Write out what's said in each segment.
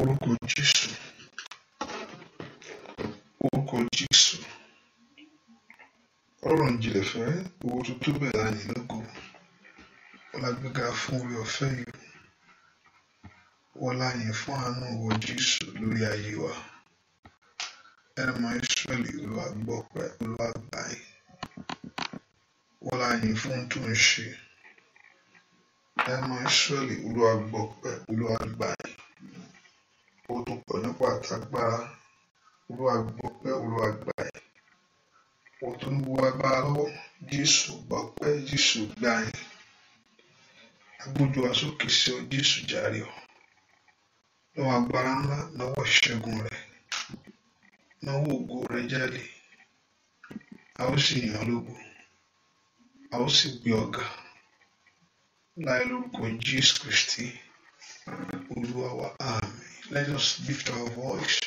Orúkọ Jésù. Orúkọ Jésù. Ọlọ́run jìnlẹ̀ fẹ́ owó tó tó bẹ̀ láàyè lógo. Wọ́n lágbéga fún orí ọ̀fẹ́ yìí. Wọ́n láàyè fún àánú wọ Jésù lórí ayé wa. Ẹ̀rọ ọmọ Ísírẹ́lì Olúwa gbọ́ láàyè fún tó ṣe. Ẹ̀rọ ọmọ Ísírẹ́lì Olúwa àtàgbára Olúwa gbọpẹ́ Olúwa gbàyìn òun tó ń wo agbára lọ́wọ́ Jésù gbọpẹ́ Jésù gbàyìn agbójú wa sókè sí ọ Jésù ọ lọ́wọ́ agbára ńlá nọwọ ìṣẹ́gun rẹ nọwọ ògo rẹ jáde a ó sì yàn lógo a ó sì gbé Let us lift our voice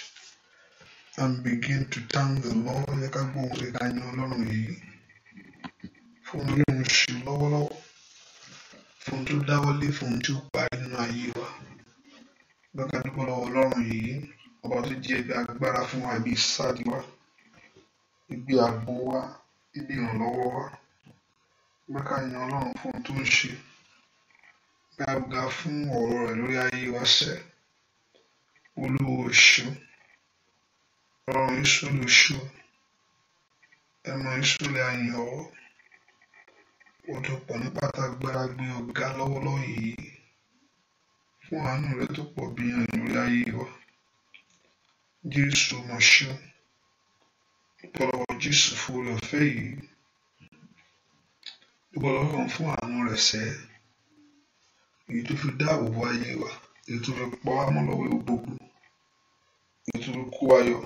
and begin to thank the Lord. Ẹ ká gbóhùn rẹ̀ ká yan Ọlọ́run yìí. Fún Ọlọ́run ṣe lọ́wọ́lọ́wọ́. Fún tó dáwọ́lé fún tí ó parí nínú ayé wa. Gbọ́dọ̀ dúpọ́ lọ́wọ́ Ọlọ́run yìí. Ọba tó jẹ́ ibi agbára fún wa ibi ìsádi wa. Ibi àgbo wa. Ibi ìrànlọ́wọ́ wa. Gbọ́dọ̀ yan Ọlọ́run fún tó ń ṣe. Gbàgbà fún ọ̀rọ̀ olúwoṣù ọrùn ìṣòlùṣù ẹmọ ìṣòlẹ ayọ odò pọ ní pátágbára gbé ọgá lọ́wọ́lọ́wọ́ yìí fún àánú rẹ tó pọ̀ bí ìyanu rẹ ayé wa jésù mọṣú ìpọlọwọ jésù fún orí ọ̀fẹ́ yìí ìpọlọwọ fún àánú rẹ sẹ èyí tó fi dáàbò bo ayé wa ìtúbi pa wá mọ́ lọ́wọ́ ewu gbogbo ìtúbi kó wa yọ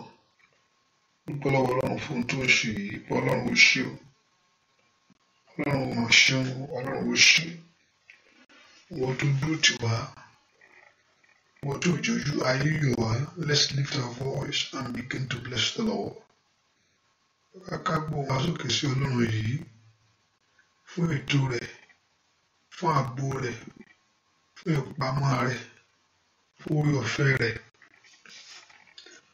dúpẹ́ lọ́wọ́ ọlọ́run fún tó ṣe yìí pé ọlọ́run ó ṣe o ọlọ́run ó máa ṣe o ọlọ́run ó ṣe wọ́n tó dúró tì wá wọ́n tó jọjú ayé yò wá let's lift our voice and begin to bless the Lord káká gbọ́ wá sókè sí ọlọ́run yìí fún ètò rẹ̀ fún ààbò rẹ̀ fún ìpamọ́ rẹ̀ fún orí ọ̀fẹ́ rẹ̀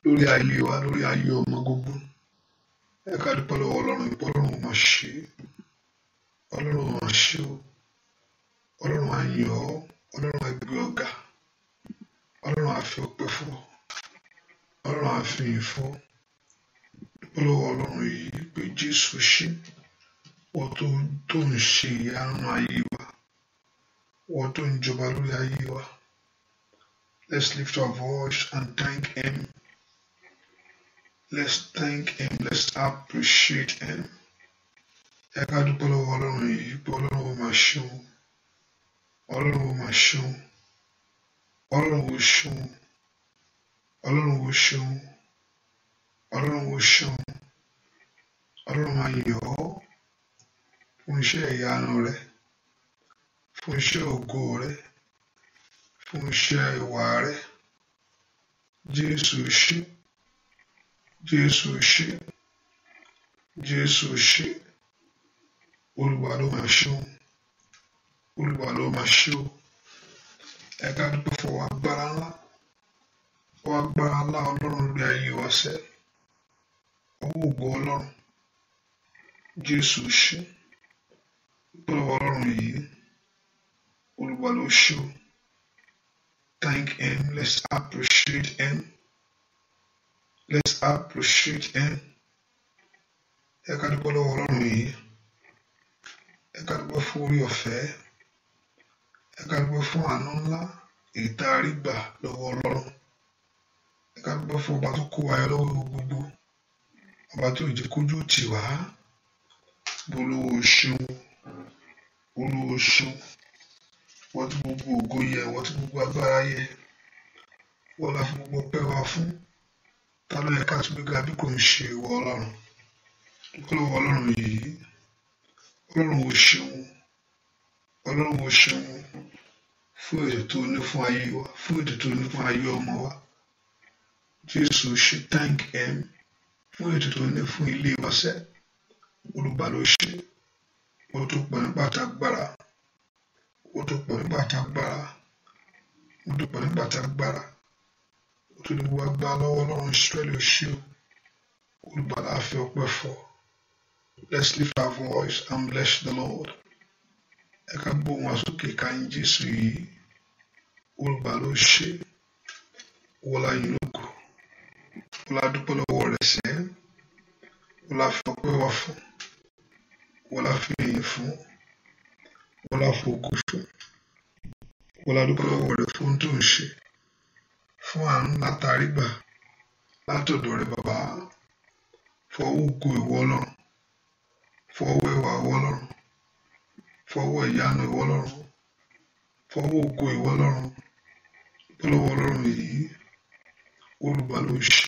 lórí ayé wa lórí ayé ọmọ gbogbo ẹ ká dúpẹ́ lọ́wọ́ ọlọ́run ìpọ́ ọlọ́run ọmọ ṣe ọlọ́run ọmọ ṣe o ọlọ́run ayọ̀ ọlọ́run ẹgbẹ́ ọ̀gá ọlọ́run àfi ọpẹ́ fún ọ ọlọ́run àfi ìfọ́ dúpẹ́ lọ́wọ́ ọlọ́run yìí pé jésù ṣe wọ́n tó ń ṣe ìyanu ayé wa wọ́n tó ń jọba lórí ayé wa. Let's lift our voice and thank Him. Let's thank Him. Let's appreciate Him. Ẹ ká dúpẹ́ lọ́wọ́ Ọlọ́run yìí pé Ọlọ́run ò máa ṣeun. Ọlọ́run ò máa ṣeun. Ọlọ́run ò ṣeun. Ọlọ́run ò ṣeun. Ọlọ́run ò ṣeun. Ọlọ́run máa yìn ọ́ fún iṣẹ́ ìyanu rẹ̀ fún iṣẹ́ ògo rẹ̀ fún o ìwà rẹ̀. Jésù ṣé. Jésù ṣé. Jésù ṣé. Olúwa ló máa ṣe o. Olúwa ló máa o. Ẹ ká dúpẹ́ fún agbára ńlá. Wọ́n agbára ńlá Ọlọ́run gbé ayé wa sẹ́. Owó ògo Ọlọ́run. Jésù ṣé. Gbọ́dọ̀ Ọlọ́run yìí. Olúwa ló ṣe thank Him. Let's appreciate Him. Let's appreciate Him. Ẹ ká dúpẹ́ lọ́wọ́ Ọlọ́run yìí. Ẹ ká dúpẹ́ fún orí ọ̀fẹ́. Ẹ ká dúpẹ́ fún àánú ńlá ìtarí gbà lọ́wọ́ Ọlọ́run. Ẹ ká dúpẹ́ fún ọba tó kó wa lọ́wọ́ gbogbo. Ọba tó jẹ́ kójú tì wá. Olúwo ṣeun. Olúwo ṣeun. Ìwọ tí gbogbo ògo yẹ, ìwọ tí gbogbo agbára yẹ, ìwọ la fi gbogbo ọpẹ́ wa fún. Ta ló yẹ ká tún gbéga bí kò ń ṣe ìwọ Ọlọ́run? Ọlọ́run Ọlọ́run yìí, Ọlọ́run ò ṣeun, Ọlọ́run ò ṣeun fún èdè tó ní fún ayé wa, fún èdè tó ní fún ayé ọmọ wa. Jésù ṣe thank him fún ètò tó ní fún ilé ìwọ̀sẹ̀ olùbàlóṣe ó tó pọ̀ nípa tagbára ó tún nígbà tá a ó tún nígbà tá a ó tún ní wá gbá lọ́wọ́ Ọlọ́run Ísírẹ́lì ó ṣé o olùgbàlà àfẹ́ let's lift our voice and bless the Lord ẹ ká gbóhùn àsókè ká yìn Jésù yìí olùgbàlà ó ṣé wọlá yìí lóko wọlá dúpẹ́ lọ́wọ́ rẹ̀ sẹ́ wọlá fẹ́ ọpẹ́ wá fún wọlá fi èyí fún Bọ́lá fòókù fún. Bọ́lá dúpẹ́ lọ́wọ́ rẹ fún tó ń ṣe. Fún àánú látàrí gbà látọ̀dọ̀ rẹ bàbá. Fọwọ́ òkú ìwọ Ọlọ́run. Fọwọ́ ẹwà ìwọ Ọlọ́run. Fọwọ́ ìyanu ìwọ Ọlọ́run. Fọwọ́ òkú ìwọ Ọlọ́run. Bọ́lọ́wọ́ Ọlọ́run yìí. Olùgbà ló ṣe.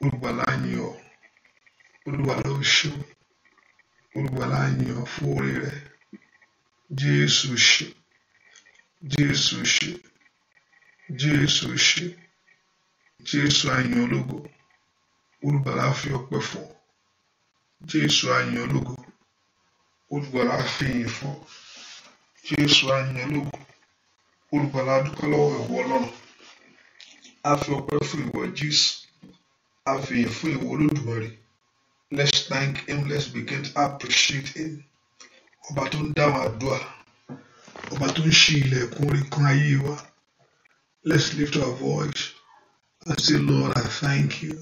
Olùgbà láyìn ọ̀. Olùgbà ló ṣe. Olùgbà láyìn ọ̀ fún orí rẹ̀. Jésù ṣe Jésù ṣe Jésù ṣe Jésù àyàn ológo olùgbàlà fi ọpẹ́ fún Jésù àyàn ológo olùgbàlà fi ìyìn fún Jésù àyàn ológo olùgbàlà dúpẹ́ lọ́wọ́ ìwọ Ọlọ́run a fi ọpẹ́ fún ìwọ Jésù a fi ìyìn fún ìwọ Olódùmarè let's thank him let's begin to appreciate him ọba tó ń dáhùn àdúrà ọba tó ń ṣí ilẹ̀kùn kan ayé wa let's lift our voice and say lord i thank you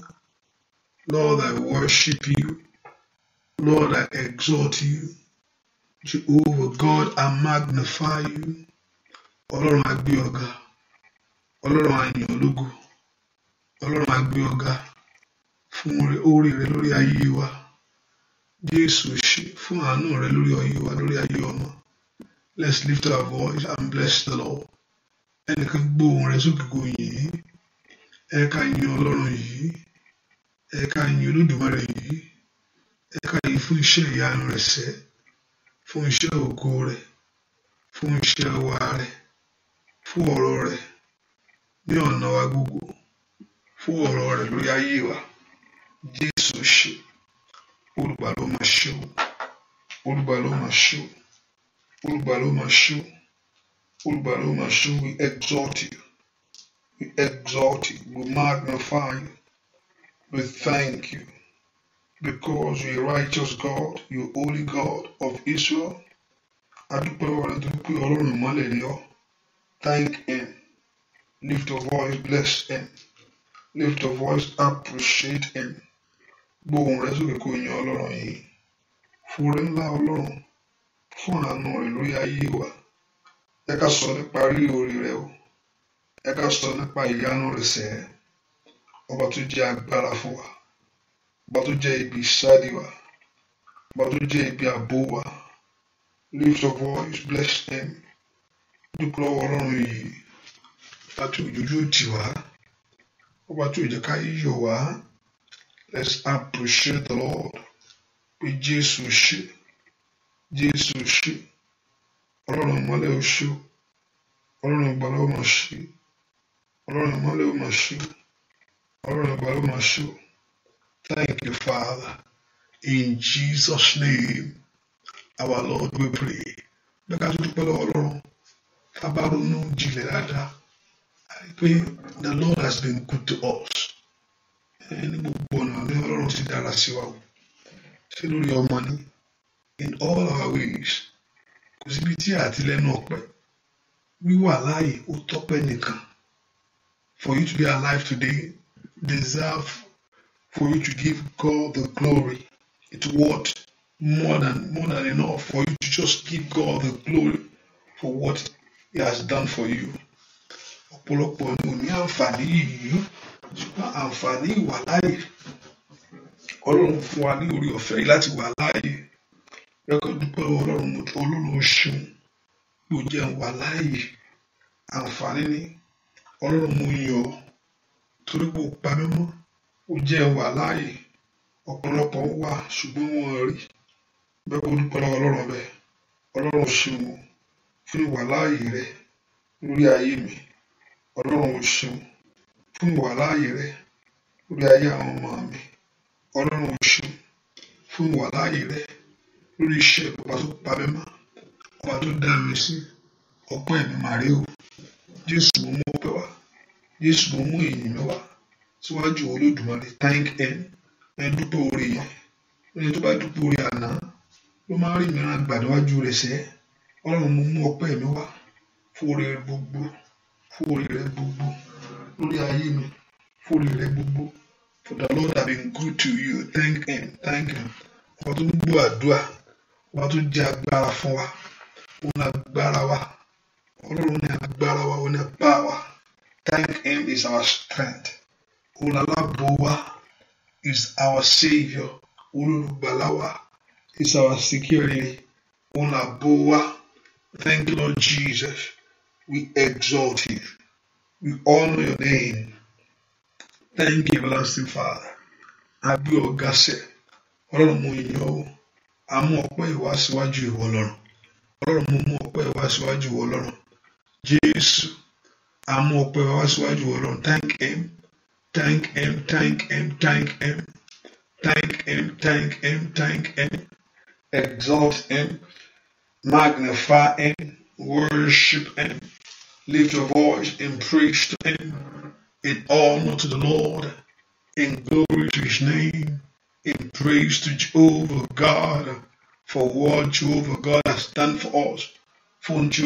lord i worship you lord i exalt you jehovah god i magnify you ọlọ́run àgbé ọ̀gá ọlọ́run àyàn ológo ọlọ́run àgbé ọ̀gá fún oore lórí ayé wa. Jésù ṣe fún àánú rẹ lórí ọyẹ wa lórí ayé ọmọ. Let's lift our voice and bless the Lord. Ẹnìkan gbó ohùn rẹ sókè kò yìí. Ẹ ká yin Ọlọ́run yìí. Ẹ ká yin Olódùmarè yìí. Ẹ ká yin fún iṣẹ́ ìyanu rẹ̀ sẹ́. Fún iṣẹ́ ògo rẹ̀. Fún iṣẹ́ wa rẹ̀. Fún ọ̀rọ̀ rẹ̀. Ní ọ̀nà wa gbogbo. Fún ọ̀rọ̀ rẹ̀ lórí ayé wa. Olúwa ló máa ṣe o Olúwa ló máa ṣe o Olúwa ló we exalt you we exalt you we magnify you we thank you because you are righteous God you are holy God of Israel thank him lift your voice bless him lift your voice appreciate him. gbọ́ ohùn rẹ̀ sókè kó yin ọlọ́run yìí fúre ńlá ọlọ́run fún àánú rẹ̀ lórí ayé wa ẹ ká sọ nípa rírí orí rẹ̀ o ẹ ká sọ nípa ìyanu rẹ̀ sẹ́ ọba tó jẹ́ wa ọba tó jẹ́ wa ọba tó jẹ́ wa lift of voice bless them ọlọ́run yìí láti òjòjú wá ọba tó Let's appreciate the Lord. Pé Jésù ṣé, Jésù ṣé, ọlọ́run ìmọ́lẹ̀ ó ṣé, ọlọ́run ìgbàlà ó mà ṣé, ọlọ́run Thank you, Father. In Jesus' name, our Lord we pray. Bẹ́ẹ̀ ká tó dúpẹ́ lọ́wọ́ I pray the Lord has been good to us. ní gbogbo ọ̀nà ní ọlọ́run ti dára sí wa o ṣé lórí ọmọ ni in all our ways kò síbi tí àtìlẹ́nu ọ̀pẹ wíwà láàyè ó tọ́pẹ́ nìkan for you to be alive today deserve for you to give God the glory it's worth more than more than enough for you to just give God the glory for what he has done for you ọ̀pọ̀lọpọ̀ ni ò ní àǹfààní yìí ṣùgbọ́n àǹfààní ìwà láàyè ọlọ́run fún wa ní orí ọ̀fẹ́ yìí láti wà láàyè rẹ́kọ̀ dúpẹ́ ọlọ́run olóòrùn oṣùn ló jẹ́ ń wà láàyè àǹfààní ni ọlọ́run mo yàn ọ́ torí pé o pa mí o jẹ́ wà láàyè ọ̀pọ̀lọpọ̀ ń wà ṣùgbọ́n wọn rí bẹ́ẹ̀ dúpẹ́ ọlọ́run ọbẹ̀ ọlọ́run ṣeun fún ìwà láàyè rẹ lórí ayé mi ọlọ́run ṣeun fún ìwàláàyè rẹ lórí ayé àwọn ọmọ mi ọlọ́run o ṣeun fún ìwàláàyè rẹ lórí iṣẹ́ ọba tó pa mí mọ́ ọba tó dá mi sí ọpẹ́ mi mà rí o jésù mo mú ọpẹ́ wá jésù mo mú ìyìn mi wá síwájú olódùmarè thank him ẹ dúpẹ́ orí yẹn ẹni tó bá dúpẹ́ orí àná ló máa rí mìíràn gbà níwájú rẹ̀ sẹ́ ọlọ́run mo mú ọpẹ́ mi wá fún orí rẹ gbogbo fún orí rẹ gbogbo lórí ayé mi fòlè rẹ gbogbo for the Lord have been good to you thank him thank him ọba tó gbọ́ àdúrà ọba tó jẹ́ agbára fún wa òun ni agbára wa ọlọ́run ni agbára wa òun ni apá wa thank him is our strength òun ni aláàbò is our saviour olùgbàlà wa is our security òun ni àbò thank you Lord Jesus we exalt you. We honor your name. Thank you, everlasting Father. Abí ọ̀gá sẹ̀, ọlọ́run mo yìn ọ́, a mú ọpẹ́ ìwá síwájú ìwọ ọlọ́run. Ọlọ́run mo mú ọpẹ́ ìwá síwájú ìwọ ọlọ́run. Jésù, a mú ọpẹ́ ìwá síwájú ìwọ ọlọ́run. Thank him, thank him, thank him, thank him, thank him, thank him, thank him. Exalt him, magnify him, worship him. Lift your voice and praise to Him in honor to the Lord, in glory to His name, in praise to Jehovah God for what Jehovah God has done for us. Fún ju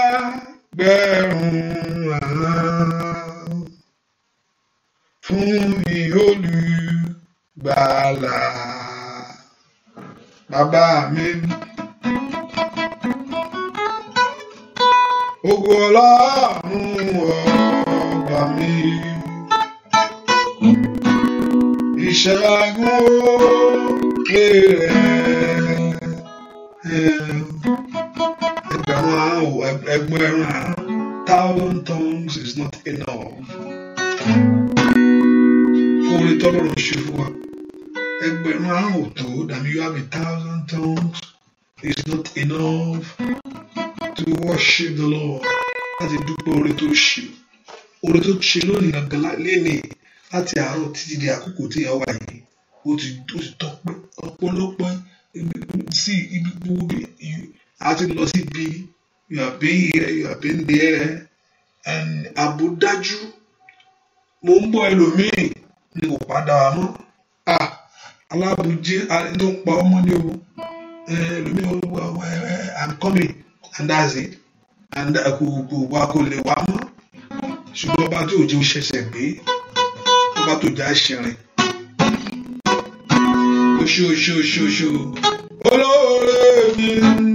gbẹ̀rún ahọ́n fún mi olùgbàlà bàbá mi. Ògo Ọlọ́run ọba mi. Ìṣẹ́gun ó kéré ẹgbẹ̀rún ahọ́n thousand tongues is not enough. fún orin tọ́lọ́run ṣe fún wa ẹgbẹ̀rún ahọ́n ò you have a thousand tongues is not enough to worship the Lord láti dúpẹ́ orin tó ṣe orin tó ṣe láti àárọ̀ títí di àkókò tí ìyàwó àyè ó ti tọ́pẹ́ ọ̀pọ̀lọpọ̀ sí ibi gbogbo a ti it be? you have been here you have been there and àbúdájú mo ń bọ̀ ẹlòmíì ni kò padà wá ah alábùjẹ ló ń pa ọmọ ní o ẹlòmíì ó wọ ẹ i'm coming and that's it and kò kò wá kò lè wá mọ́ ṣùgbọ́n ọba tí òjò ṣẹ̀ṣẹ̀ gbé ọba tó já ṣẹrin oṣooṣooṣooṣo olóore mi.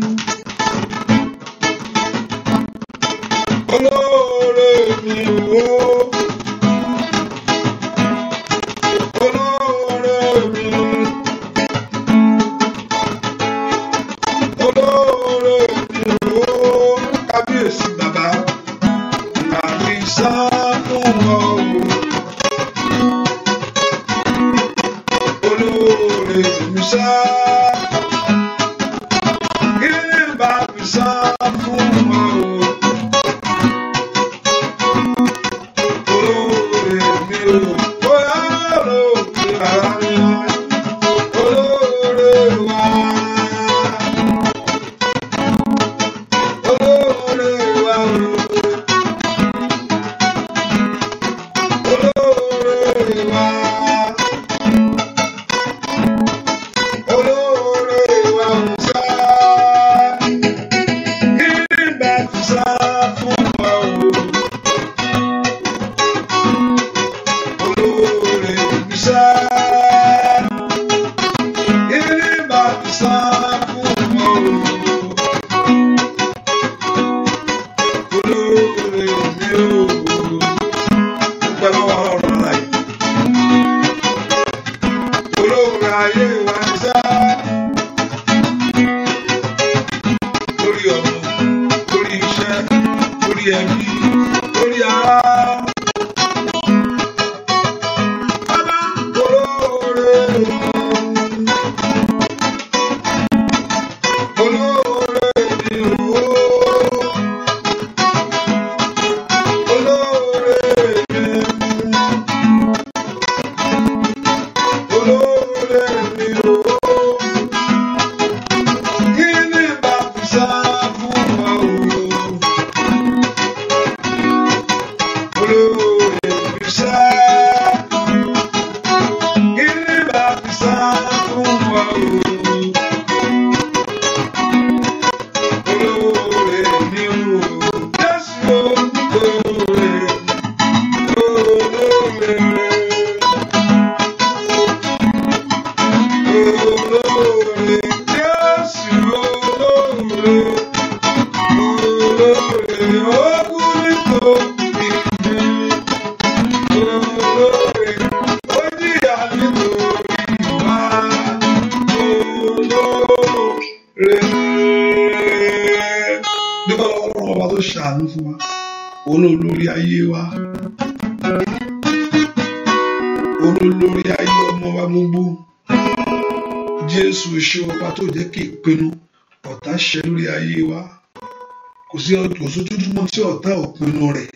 ìpinnu rẹ̀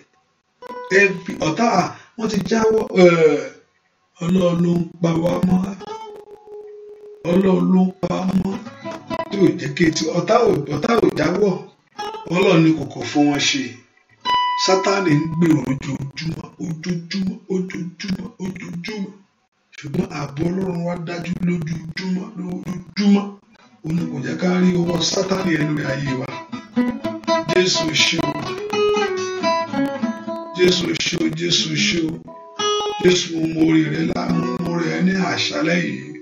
ẹbí ọ̀tá wọ́n ti jáwọ́ ọlọ́run ló ń pa wá mọ́ ọlọ́run ló ń pa wá mọ́ tí ò jẹ́ kí etí ọ̀tá ò jáwọ́ ọlọ́run ni kòkò fún wọn ṣe sátánì ń gbèrò ojoojúmọ́ ojoojúmọ́ ojoojúmọ́ ojoojúmọ́ ṣùgbọ́n ààbò ọlọ́run wá dájú lójoojúmọ́ lójoojúmọ́ òun kò jẹ́ ká rí ọwọ́ sátánì ẹnu rẹ̀ ayé wa jésù ṣe o. Jésù ṣó Jésù ṣó Jésù mo rí rẹ lánàá mo rí ẹ ní àṣálẹ́ yìí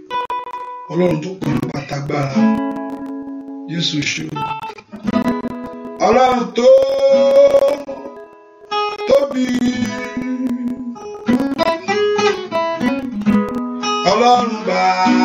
Ọlọ́run tó kàn pátágbára Jésù ṣó Ọlọ́run tó tóbi. Ọlọ́run bá a.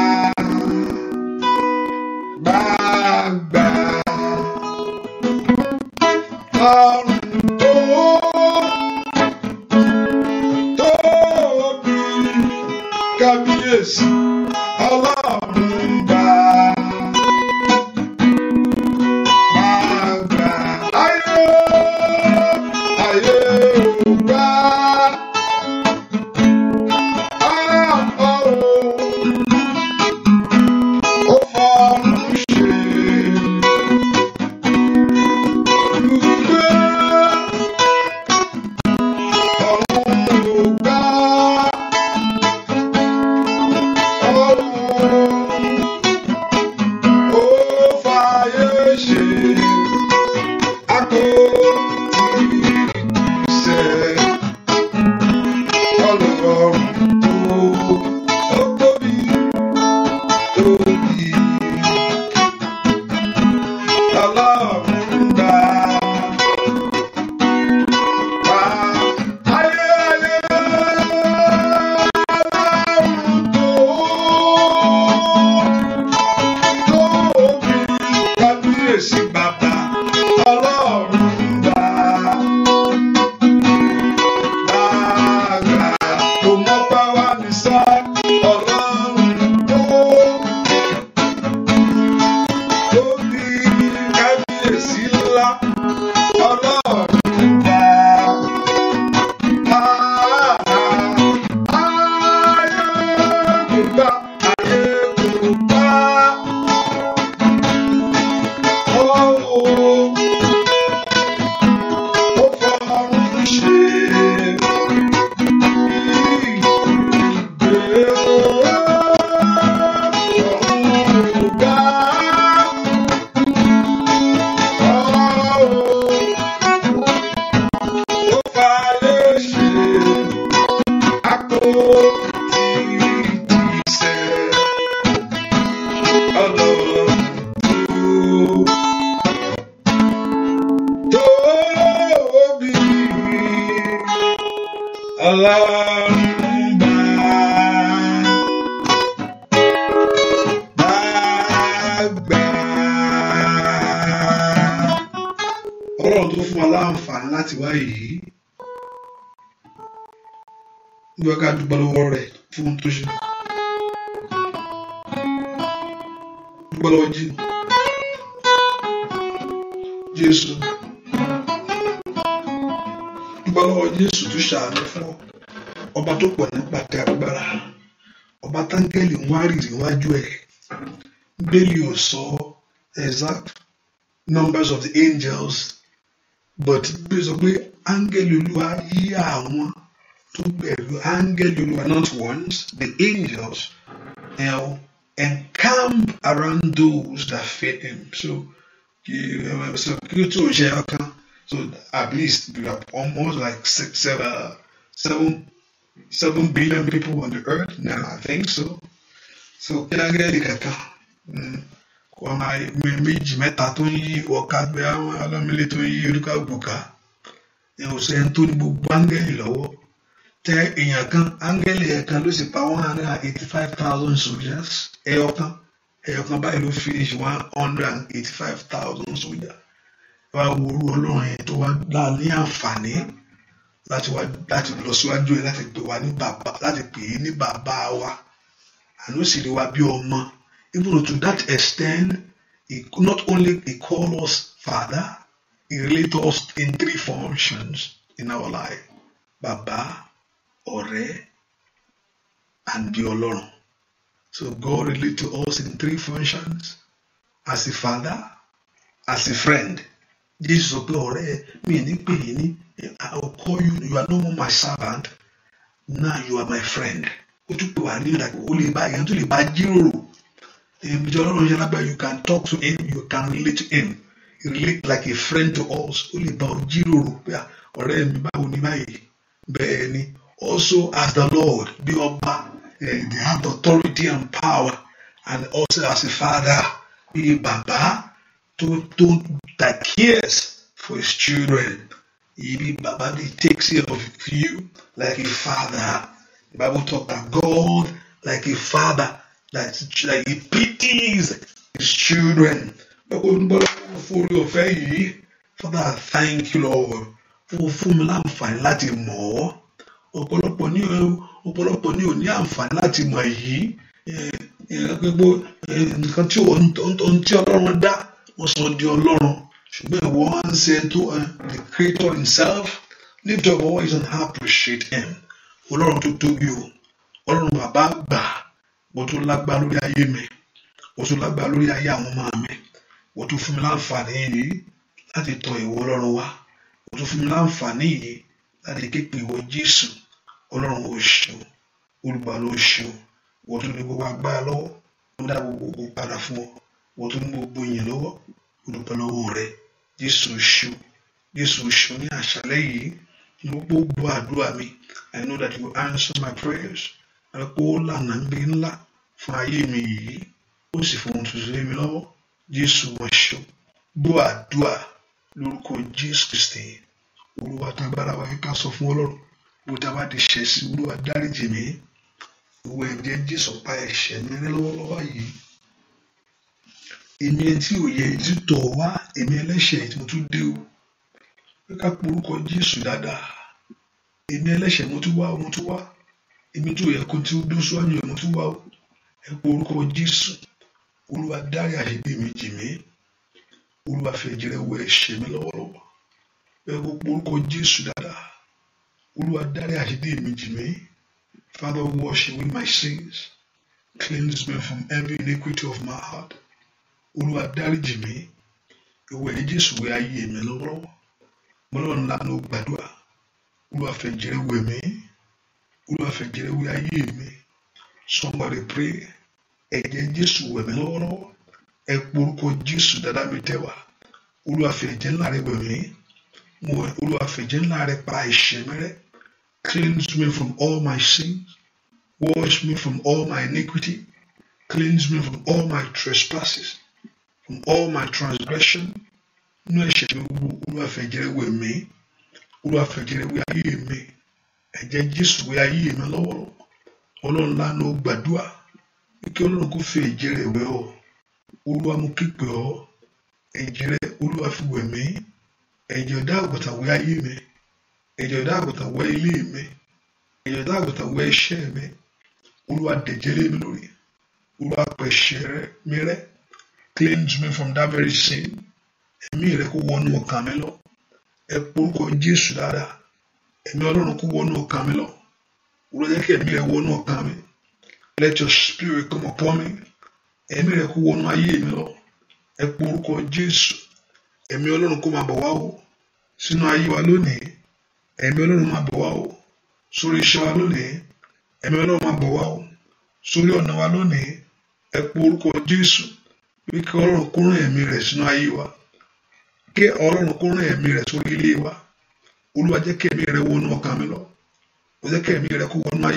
Oh. lọ́jí Jésù dúpẹ́ lọ́wọ́ Jésù tún ṣàánú fún ọ ọba tó pọ̀ nípa ti agbára ọba táńgẹ́lì ń wá rìrì wájú ẹ̀ bẹ́ẹ̀lì ò sọ exact numbers of the angels but basically, o sọ pé áńgẹ́lì olúwa yí àwọn tó bẹ̀rù not once the angels held. And camp around those that fear him. So, eh, so Kyoto Oshayaka, so at least we have almost like six, seven, seven, seven billion people on the earth now, I think so. So, hmm, ọmọ méjì mẹ́ta tó ń yí ọ̀ka gbé àwọn ọlọ́mílẹ̀ tó ń yí orúkọ àgbòká ẹ̀ ọ̀sẹ̀ ń tó ní gbogbo áńgẹ́lì lọ́wọ́ tẹ èèyàn kan áńgẹ́lì ẹ̀kan ló sì pa one hundred and eighty-five thousand soldiers ẹyọ kan báyìí ló finish one hundred and eighty-five thousand soldiers ẹ wá wo orú ọlọ́run yẹn tó wá dá ní àǹfààní láti wá láti lọ síwájú ẹ láti pè wá ní bàbá láti pè é ní bàbá wa àná ó sì rí wa bí ọmọ even to that extent he not only he call us father he relate us in three functions in our life bàbá ọ̀rẹ́ and be Ọlọ́run. So God relate to us in three functions as a father as a friend. Jésù sọ pé ọ̀rẹ́ mi ní pè é ní I will call you you are no more my servant now you are my friend. Ó tún pè wá ní ìdàgbà ó lè bá ìyẹn tó lè bá jíròrò. Ìjọ Ọlọ́run yẹn lágbàá you can talk to him you can relate to him you relate like a friend to us ó lè bá ọ jíròrò pé ọ̀rẹ́ mi báwo ni báyìí bẹ́ẹ̀ ni also as the Lord, bí ọba, eh, they have authority and power, and also as a father, bí bàbá to tó that cares for his children. Ibi bàbá he takes care of you like a father. The Bible talks about God like a father that like he pities his children. Father, thank you Lord. for fún mi láǹfààní láti mọ̀ ọ́ ọ̀pọ̀lọpọ̀ ní ọ̀pọ̀lọpọ̀ ní ò ní àǹfààní láti mọ̀ èyí gbogbo nǹkan tí ohun tí ọlọ́run dá wọ́n sọ di ọlọ́run ṣùgbọ́n ìwọ á ń ṣe tó the creator himself lift up your voice and appreciate him ọlọ́run tó tóbi o ọlọ́run bàbá gbà mo tún lágbá lórí ayé mi mo tún lágbá lórí ayé àwọn ọmọ mi mo tún fún mi láǹfààní yìí láti tọ̀ ìwọ ọlọ́run wá mo tún fún mi láǹfààní yìí láti képe ìwọ jésù ọlọ́run ó ṣeun olùgbàlà ó ṣeun wọ́n tún ní gbogbo agbára lọ́wọ́ wọ́n dá gbogbo ògo padà fún ọ wọ́n tún ní gbogbo ìyìn lọ́wọ́ olùgbàlà lọ́wọ́ rẹ jésù ó jésù ó ní àṣálẹ́ yìí ní gbogbo àdúrà mi i know that you answer my prayers ẹ kó lànà ń gbé ńlá fún ayé mi yìí ó sì fún ohun tuntun mi lọ́wọ́ jésù ó ṣeun gbọ́ àdúrà lórúkọ jésù kristi olúwa tágbára wa ká sọ fún ọlọ́run wọ́n tá a bá ti ṣẹ̀ sí olúwa dáríjì mi owó ẹ̀jẹ̀ jésù pa ẹ̀ṣẹ̀ mi rẹ́ lọ́wọ́lọ́wọ́ yìí èmi etí òye etí tọ̀ wá èmi ẹlẹ́ṣẹ̀ tí mo tún dé o pé ká porúkọ jésù dáadáa èmi ẹlẹ́ṣẹ̀ mo tún wá o mo tún wá èmi tó yẹ kó tí ó dún síwájú ẹ̀ mo tún wá o ẹ porúkọ jésù olúwa dárí àṣìbí mi jì mí olúwa fi ẹ̀jẹ̀ rẹ̀ mi lọ́wọ́lọ́wọ́ ẹ kó porúkọ jésù dáadáa olúwa dárí àṣìdí mi father wash away my sins cleanse me from every iniquity of my heart olúwa dárí jì mí ìwé jésù wẹ ayé mi lọ́wọ́lọ́wọ́ mọ́lọ́run no ló gbàdúrà olúwa fẹ̀jẹ̀ wẹ̀ mí olúwa fẹ̀jẹ̀ wẹ̀ mi somebody pray ẹ̀jẹ̀ jésù we mí lọ́wọ́lọ́wọ́ ẹ porúkọ jésù dáadáa mi tẹ́ wa olúwa fẹ̀jẹ̀ ńlá rẹ wẹ̀ mí olúwa fẹ̀jẹ̀ ńlá pa ẹ̀ṣẹ̀ mi rẹ́ Cleanse me from all my sins. Wash me from all my iniquity. Cleanse me from all my trespasses, from all my transgression. Inú ẹ̀ṣẹ̀ mi wú, Olúwa fẹ̀jẹ̀rẹ̀ wẹ̀ mí. Olúwa fẹ̀jẹ̀rẹ̀ wẹ̀ ayé mi. Ẹ̀jẹ̀ Jésù wẹ̀ ayé mi lọ́wọ́rọ́. Ọlọ́run lánàá ó gbàdúrà. Kí Ọlọ́run kó fi ẹ̀jẹ̀ wẹ̀ ọ́. Olúwa mú ọ́. Ẹ̀jẹ̀ rẹ̀ Olúwa mí. Ẹ̀jẹ̀ ọ̀dá àgùntàn wẹ̀ ayé mi ẹ̀jọ̀dá àgùntàn wẹ ilé mi ẹ̀jọ̀dá àgùntàn wẹ iṣẹ́ mi olúwa dẹ̀jẹ̀ lé mi lórí olúwa pẹ̀ṣẹ̀ rẹ mi rẹ́ cleanse me from that very sin ẹ̀mí rẹ kó wọnú ọkàn mi lọ ẹ porúkọ jésù dáadáa ẹ̀mí ọlọ́run kó wọnú ọkàn mi lọ olúwa jẹ́ kí ẹ̀mí rẹ wọnú ọkàn mi let your spirit come upon me ẹ̀mí rẹ kó wọnú ayé mi lọ ẹ porúkọ jésù ẹ̀mí ọlọ́run kó máa bọ̀ wá o sínú ayé wa lónìí. ẹ̀mí ọlọ́run máa o sórí iṣẹ́ wa lónìí ẹ̀mí ọlọ́run máa o sórí ọ̀nà wa lónìí ẹ orúkọ jésù bí kí ọlọ́run kó sínú ayé wa kí ọlọ́run kó rán ẹ̀mí sórí ilé wa olúwa mi lọ o kí wọnú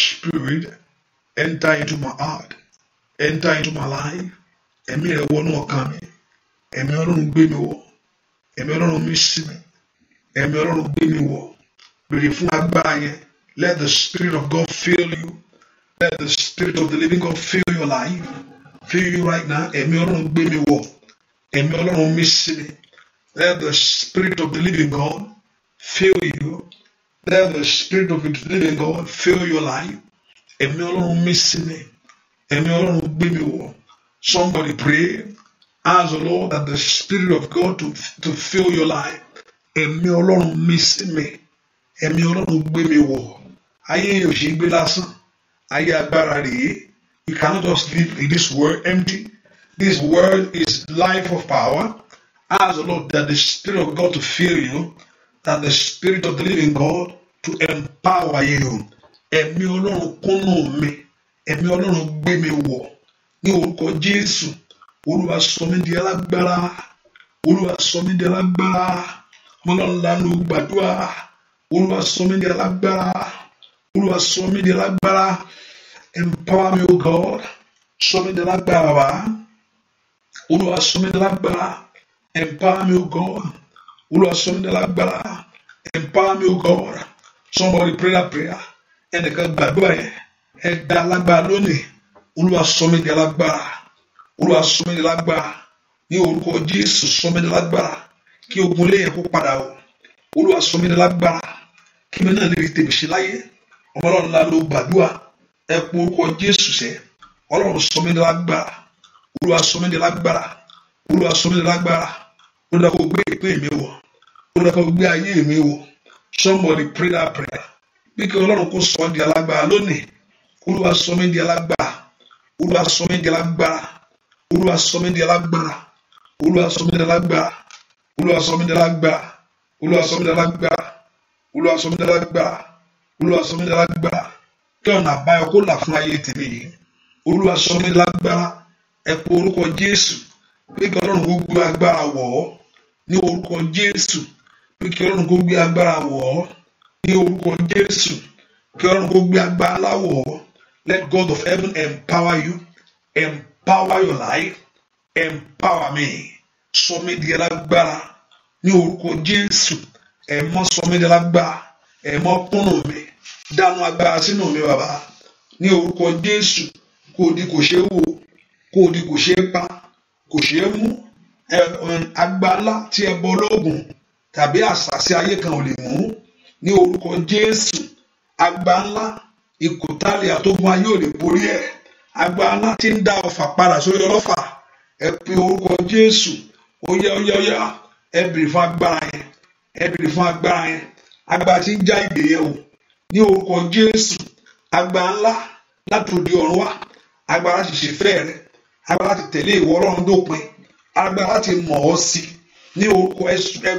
spirit enter into my heart enter into my life ẹ̀mí ọlọ́run gbé mi wọ̀ ẹ̀mí ọlọ́run mi sí mi ẹ̀mí ọlọ́run gbé mi wọ̀ béèrè fún agbára yẹn let the spirit of God fill you let the spirit of the living God fill your life fill you right now ẹ̀mí ọlọ́run gbé mi wọ̀ ẹ̀mí ọlọ́run mi sí mi let the spirit of the living God fill you let the spirit of the living God fill your life ẹ̀mí ọlọ́run mi sí mi ẹ̀mí ọlọ́run gbé mi wọ̀ somebody pray. Ask the Lord that the Spirit of God to, to fill your life. Ẹ̀mí Ọlọ́run mí sí mi. mi wọ̀. Ayé èèyàn ṣe gbé lásán. Ayé agbára rèé. You cannot just live in this world empty. This world is life of power. Ask the Lord that the Spirit of God to fill you, that the Spirit of the living God to empower you. Ẹ̀mí Ọlọ́run kúnnú mi. Ẹ̀mí Ọlọ́run gbé mi wọ̀. Ní orúkọ Jésù. olúwa sọ mí di alágbára olúwa sọ mí di alágbára ọmọlọ́la ló gbàdúrà olúwa sọ mí di alágbára olúwa sọ di alágbára empower me o God sọ mí di alágbára wa olúwa sọ mí di alágbára empower me o God olúwa sọ mí di alágbára empower me o God somebody pray that prayer ẹnìkan gbàdúrà yẹn ẹ dá alágbára lónìí olúwa sọ di alágbára olúwa súnmẹ́ni lágbára ní orúkọ jésù súnmẹ́ni lágbára kí ogun léyìn kó padà o olúwa súnmẹ́ni lágbára kí mi náà lè rí tèmi ṣe láyé ọmọlọ́run la ló gbàdúrà ẹ pọ orúkọ jésù sẹ ọlọ́run súnmẹ́ni lágbára olúwa súnmẹ́ni lágbára olúwa súnmẹ́ni lágbára olúwa kò gbé ìpín mi wọ̀ olúwa kò gbé ayé mi wọ̀ somebody pray that prayer bí kí ọlọ́run kó sọ ọ́ di alágbára lónìí olúwa sọ mí di alágbára olúwa sọ di alágbára olúwa sọ mí di alágbára olúwa sọ mí di alágbára olúwa sọ mí di alágbára olúwa sọ mí di alágbára olúwa sọ mí di alágbára olúwa sọ mí di alágbára kí ọ̀nà àbáyọ kó là fún ayé tèmi yìí olúwa sọ mí di alágbára ẹ pé orúkọ jésù pé kí ọlọ́run kó gbé agbára wọ̀ ọ́ ní orúkọ jésù pé kí ọlọ́run kó gbé agbára wọ̀ ọ́ ní orúkọ jésù kí ọlọ́run kó gbé agbára láwọ̀ ọ́ let God of heaven empower you empower power your life empower me sọ mí di alágbára ní orúkọ Jésù ẹ̀mọ́ sọ mí di alágbára ẹ̀mọ́ kúnnù mi dánú agbára sínú mi bàbá ní orúkọ Jésù kò di kò ṣeé wò kò di kò ṣeé pa kò ṣeé mú agbálá tí ẹ bọ lóògùn tàbí àṣàṣe ayé kan ò lè mú ní orúkọ Jésù agbálá ìkòtálẹ̀ àtógun ayé ò lè borí ẹ̀ agbára ńlá tí ń dá ọfà padà sórí ọlọ́fà ẹ pe orúkọ Jésù óyá óyá óyá ẹ bèrè fún agbára yẹn ẹ bèrè fún agbára yẹn agbára tí ń já ìdè yẹn o ní orúkọ Jésù agbára ńlá láti òde ọ̀run wá agbára láti ṣèfẹ́ rẹ agbára láti tẹ̀lé ìwọ ọlọ́run dópin agbára láti mọ̀ ọ́ sí ní orúkọ ẹ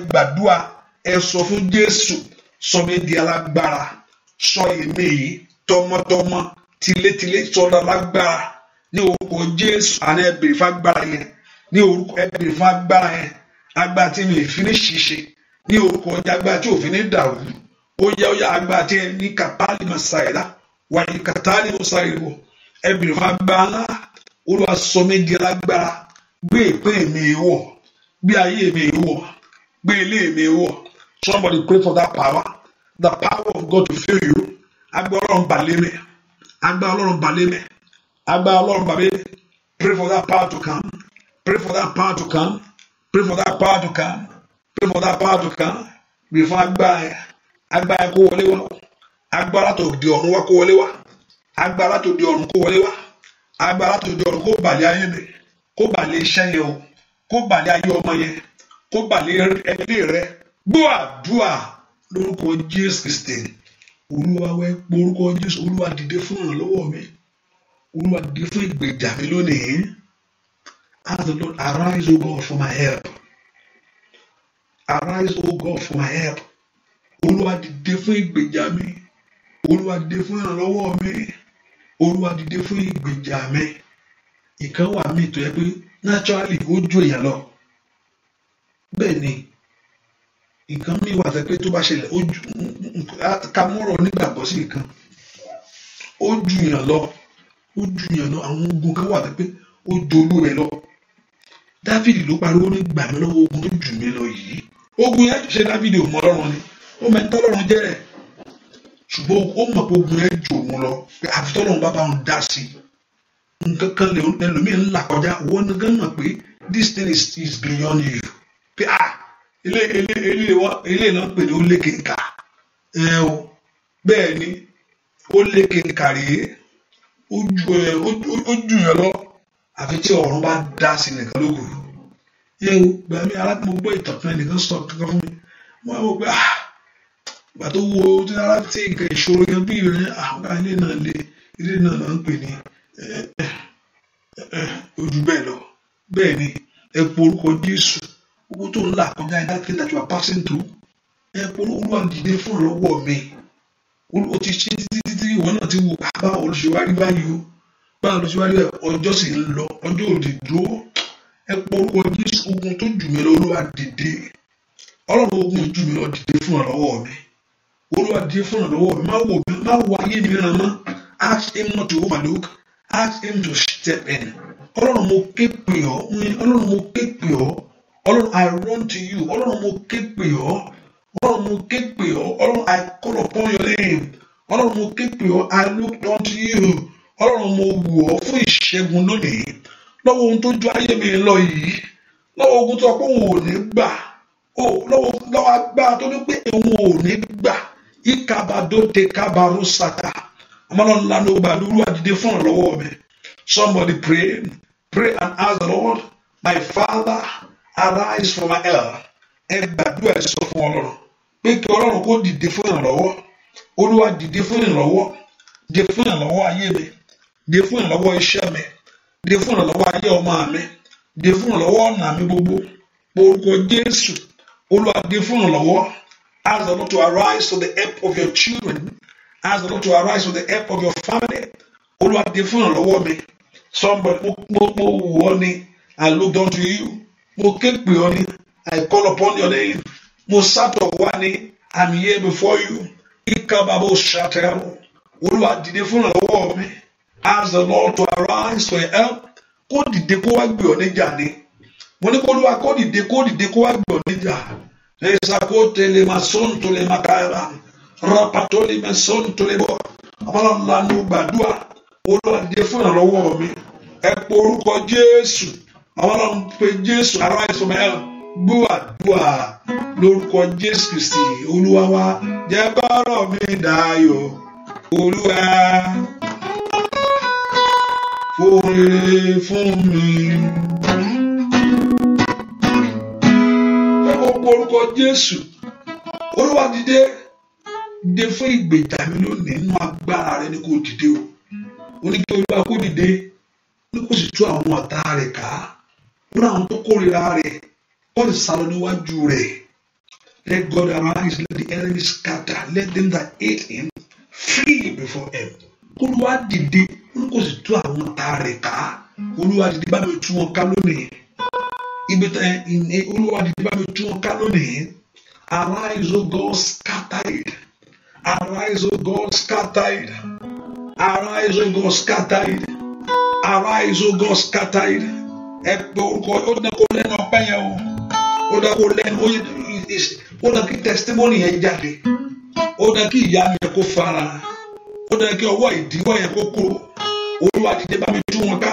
gbàdúrà ẹ sọ fún Jésù sọ mi di alágbára sọ èmi yìí tọmọtọmọ tilétilé sọ̀rọ̀ lágbára ní orúkọ Jésù àná ẹ bèrè fún agbára yẹn ní orúkọ ẹ bèrè fún agbára yẹn agbára tí mi lè fi ní ṣiṣẹ́ ní orúkọ ọjà agbára tí òfin ní dàrú ó yá ó yá agbára tí ẹ ní kàtàlì mọ̀ sàyẹ̀lá wà ní kàtàlì mọ̀ sàyẹ̀wò ẹ bèrè ńlá Olúwa sọ mí di alágbára gbé ìpín mi wọ̀ gbé ayé mi wọ̀ gbé ilé mi wọ̀ somebody pray for that power the power of God to fill you agbára ọ̀nbalẹ̀ mi agbára ọlọ́run balẹ̀ mẹ́ agbára ọlọ́run balẹ̀ mẹ́ pray for that power to come pray for that power to come pray for that power to come pray for that power to come bí fún agbára yẹn agbára kó wọlé wọn agbára tó di ọ̀run wá kó wọlé wá agbára tó di ọ̀run kó wọlé wá agbára tó di ọ̀run kó balẹ̀ ayé mi kó balẹ̀ iṣẹ́ yẹn o kó balẹ̀ ayé ọmọ yẹn kó balẹ̀ ẹbí rẹ gbọ́ àdúrà lórúkọ Jésù Kristi olúwa wẹ́ porúkọ jésù olúwa dìde fún ìrànlọ́wọ́ mi olúwa dìde fún ìgbèjà mi lónìí ask the lord arise o god for my help arise o god for my help olúwa dìde fún ìgbèjà mi olúwa dìde fún ìrànlọ́wọ́ mi olúwa dìde fún ìgbèjà mi ìkan wà mí tó yẹ pé naturally ó ju èèyàn lọ bẹ́ẹ̀ nǹkan mi wà fẹ́ pé tó bá ṣẹlẹ̀ ojú ká múrọ̀ nígbàgbọ́ sí nǹkan ó jùyàn lọ ó jùyàn lọ àwọn ogun kan wà fẹ́ pé ó dolú rẹ lọ dáfídì ló pariwo ní gbà mí lọ́wọ́ ogun tó jù mí lọ yìí ogun yẹn ṣe dáfídì ò mọ ọlọ́run ni ó mẹ tọ́lọ́run jẹ́ rẹ̀ ṣùgbọ́n ó mọ̀ pé ogun yẹn jù òun lọ pé àfi tọ́lọ́run bá bá òun dá sí nǹkan kan lè ẹlòmíín là kọjá wọ́n gán mọ̀ pé this thing is, is beyond you pé ah ilé ilé ilé wa ilé náà pè ní ó lé kìnkà ẹ o bẹ́ẹ̀ ni ó lé kìnkà rèé ó ju ẹ ó jù yàn lọ àfi tí ọ̀run bá dá sí nìkan lóko yẹ o gbà mí alágbogbo ìtọ̀tún ẹnìkan sọ kankan fún mi wọn á wọ pé ah gbà tó wo tí ara tí nǹkan ìṣòro yẹn bí ìrìn àwọn ah, ilé náà lé ilé náà náà ń pè ní ojú bẹ́ẹ̀ lọ bẹ́ẹ̀ ni ẹ pe Jésù gbogbo tó ń là kọjá in that place that you are passing through ẹ polówó olúwa dìde fún lọ́wọ́ mi o ti ṣe títí títí ìwọ náà ti wò ah, bá olùṣèwárí báyìí o bá olùṣèwárí ẹ ọjọ́ sì ń lọ ọjọ́ òde dúró ẹ polówó jésù ogun tó jù mí lọ olúwa dìde ọlọ́run ogun jù mí lọ dìde fún lọ́wọ́ mi olúwa dìde fún lọ́wọ́ mi má wò mí má wò ayé mi ràn mọ́ ask him not to overlook ask him to step in ọlọ́run mo ké pè ọ́ ọlọ́run mo ké pè ọ́ ọlọ́run i run to you ọlọ́run mo ké pè ọ́ ọlọ́run mo ké pè ọ́ ọlọ́run i call upon your name ọlọ́run mo ké pè ọ́ i look unto you ọlọ́run mo wù ọ́ fún ìṣẹ́gun lónìí lọ́wọ́ ohun tó ju ayé mi lọ yìí lọ́wọ́ ogun tó sọ òun ò ní gbà lọ́wọ́ agbára tó ní pé òun ò ní gbà ìkàbàdóte kábàrú sàkà ọmọlọ́run lánàá gbàdúrà dídé fún ọ̀rọ̀ lọ́wọ́ mi somebody pray pray and ask the Lord my father arise from my error ẹ gbàdúrà ẹ sọ fún ọlọ́run pé kí ọlọ́run kó dìde fún ìrànlọ́wọ́ olúwa dìde fún ìrànlọ́wọ́ dìde fún ìrànlọ́wọ́ ayé mi dìde fún ìrànlọ́wọ́ iṣẹ́ mi dìde fún ìrànlọ́wọ́ ayé ọmọ mi dìde fún ìrànlọ́wọ́ ọ̀nà mi gbogbo orúkọ jésù olúwa dìde fún ìrànlọ́wọ́ ask the Lord to arise to the help of your children ask the Lord to arise to the help of your family olúwa dìde fún ìrànlọ́wọ́ mi somebody mo mo wọ ni I look down to you mo ké pè ọ́ ní I call upon your name mo sátọ̀ wá ní I'm here before you ìkàbàbò ṣàtẹ̀wò olúwa dìde fún ìrànlọ́wọ́ mi ask the Lord to arise to help kó dìde kó wá gbé ọ níjà ni mo ní kó olúwa kó dìde kó dìde kó wá gbé ọ níjà lẹ́sàkó tẹlẹ máa sọ́n tó lè máa káyà rapató lè máa sọ́n lè bọ̀ ọmọlànà gbàdúrà olúwa dìde fún ìrànlọ́wọ́ mi ẹ pé orúkọ Jésù àwọn ọlọ́run pé jésù arise from hell gbọ́ àdúrà lórúkọ jésù kristi olúwa wa jẹ́ kọ́rọ̀ mi dayọ̀ olúwa fòrè fún mi. ẹ kò porúkọ jésù olúwa dìde dìde fún ìgbèjà mi lónìí nínú agbára rẹ ni kò dìde o oníkẹ́ olúwa kò dìde ní kò sì tú àwọn ọ̀tá rẹ̀ ká nínú tó kórìíra rẹ̀ ó sì sá lọ níwájú rẹ̀ let God arise let the enemy scatter let them that hate him flee before him olúwa dìde olùkó sì tú àwọn ọ̀tá rẹ̀ ká olúwa dìde bá mi tú wọn ká lónìí ibi tẹ ẹ olúwa dìde bá mi tú wọn ká lónìí arise o God scatter it arise o God scatter it arise o God scatter it arise o God scatter it ẹ pé orúkọ ó dẹ́ kó lẹ́nu ọpẹ́ yẹn o ó dẹ́ kó lẹ́nu ó dẹ́ kí testimony yẹn jáde ó dẹ́ kí ìyá mi yẹn kó fara ó dẹ́ kí ọwọ́ ìdíwọ́ yẹn kó kúrò olúwa dìde bá mi tú wọn ká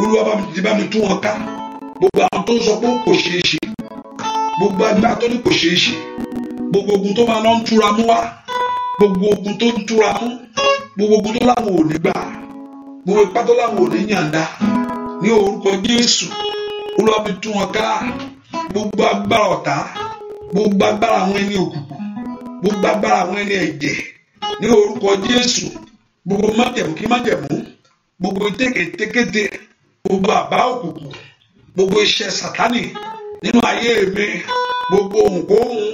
olúwa bá mi dìde bá mi tú wọn ká gbogbo àwọn tó ń sọ pé kò ṣeé ṣe gbogbo agbára tó ní kò ṣeé ṣe gbogbo ogun tó máa lọ ń túra mú wá gbogbo ogun tó ń túra mú gbogbo ogun tó láwọn ò ní gbà gbogbo ipá láwọn ò ní yàǹda ní orúkọ Jésù Olúwa fi tú wọn ká gbogbo agbára ọ̀tá gbogbo agbára àwọn ẹni òkùnkùn gbogbo agbára àwọn ẹni ẹ̀jẹ̀ ní orúkọ Jésù gbogbo májẹ̀mú kí májẹ̀mú gbogbo téketékété gbogbo àbá òkùnkùn gbogbo iṣẹ́ sàtánì nínú ayé mi gbogbo òǹkóhun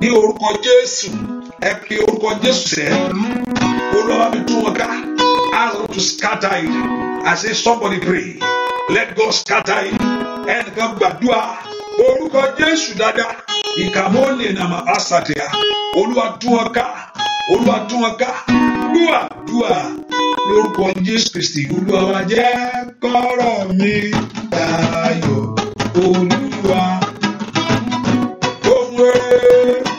ní orúkọ Jésù ẹ orúkọ Jésù sẹ Olúwa fi wọn ká ask to scatter it. I say, somebody pray. Let God scatter it. And Ẹnìkan gbàdúrà. Orúkọ Jésù dáadáa. Ìkàmọ́lẹ̀ nà máa bá sàtìyà. Olúwa tún wọn ká. Olúwa tún wọn ká. Dúà dúà. Lórúkọ Jésù Kristì. Olúwa jẹ́ kọ́rọ̀ mi dayọ̀. Olúwa. Ohun rere.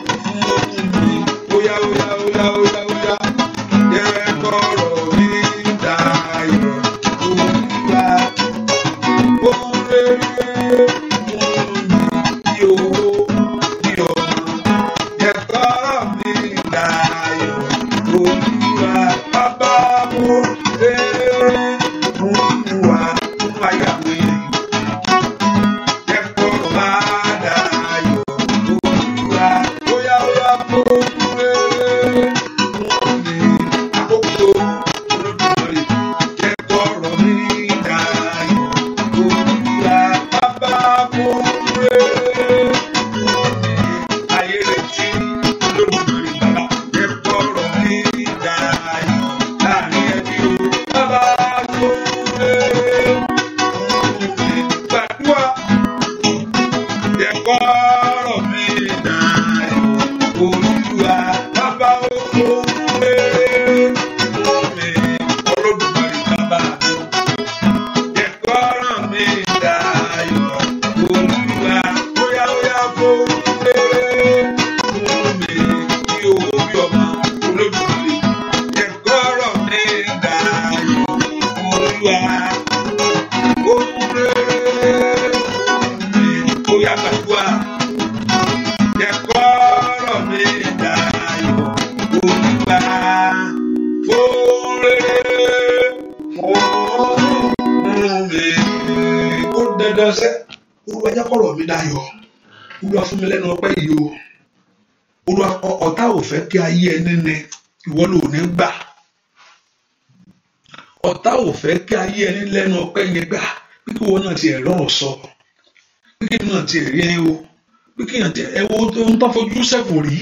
Joseph ò rí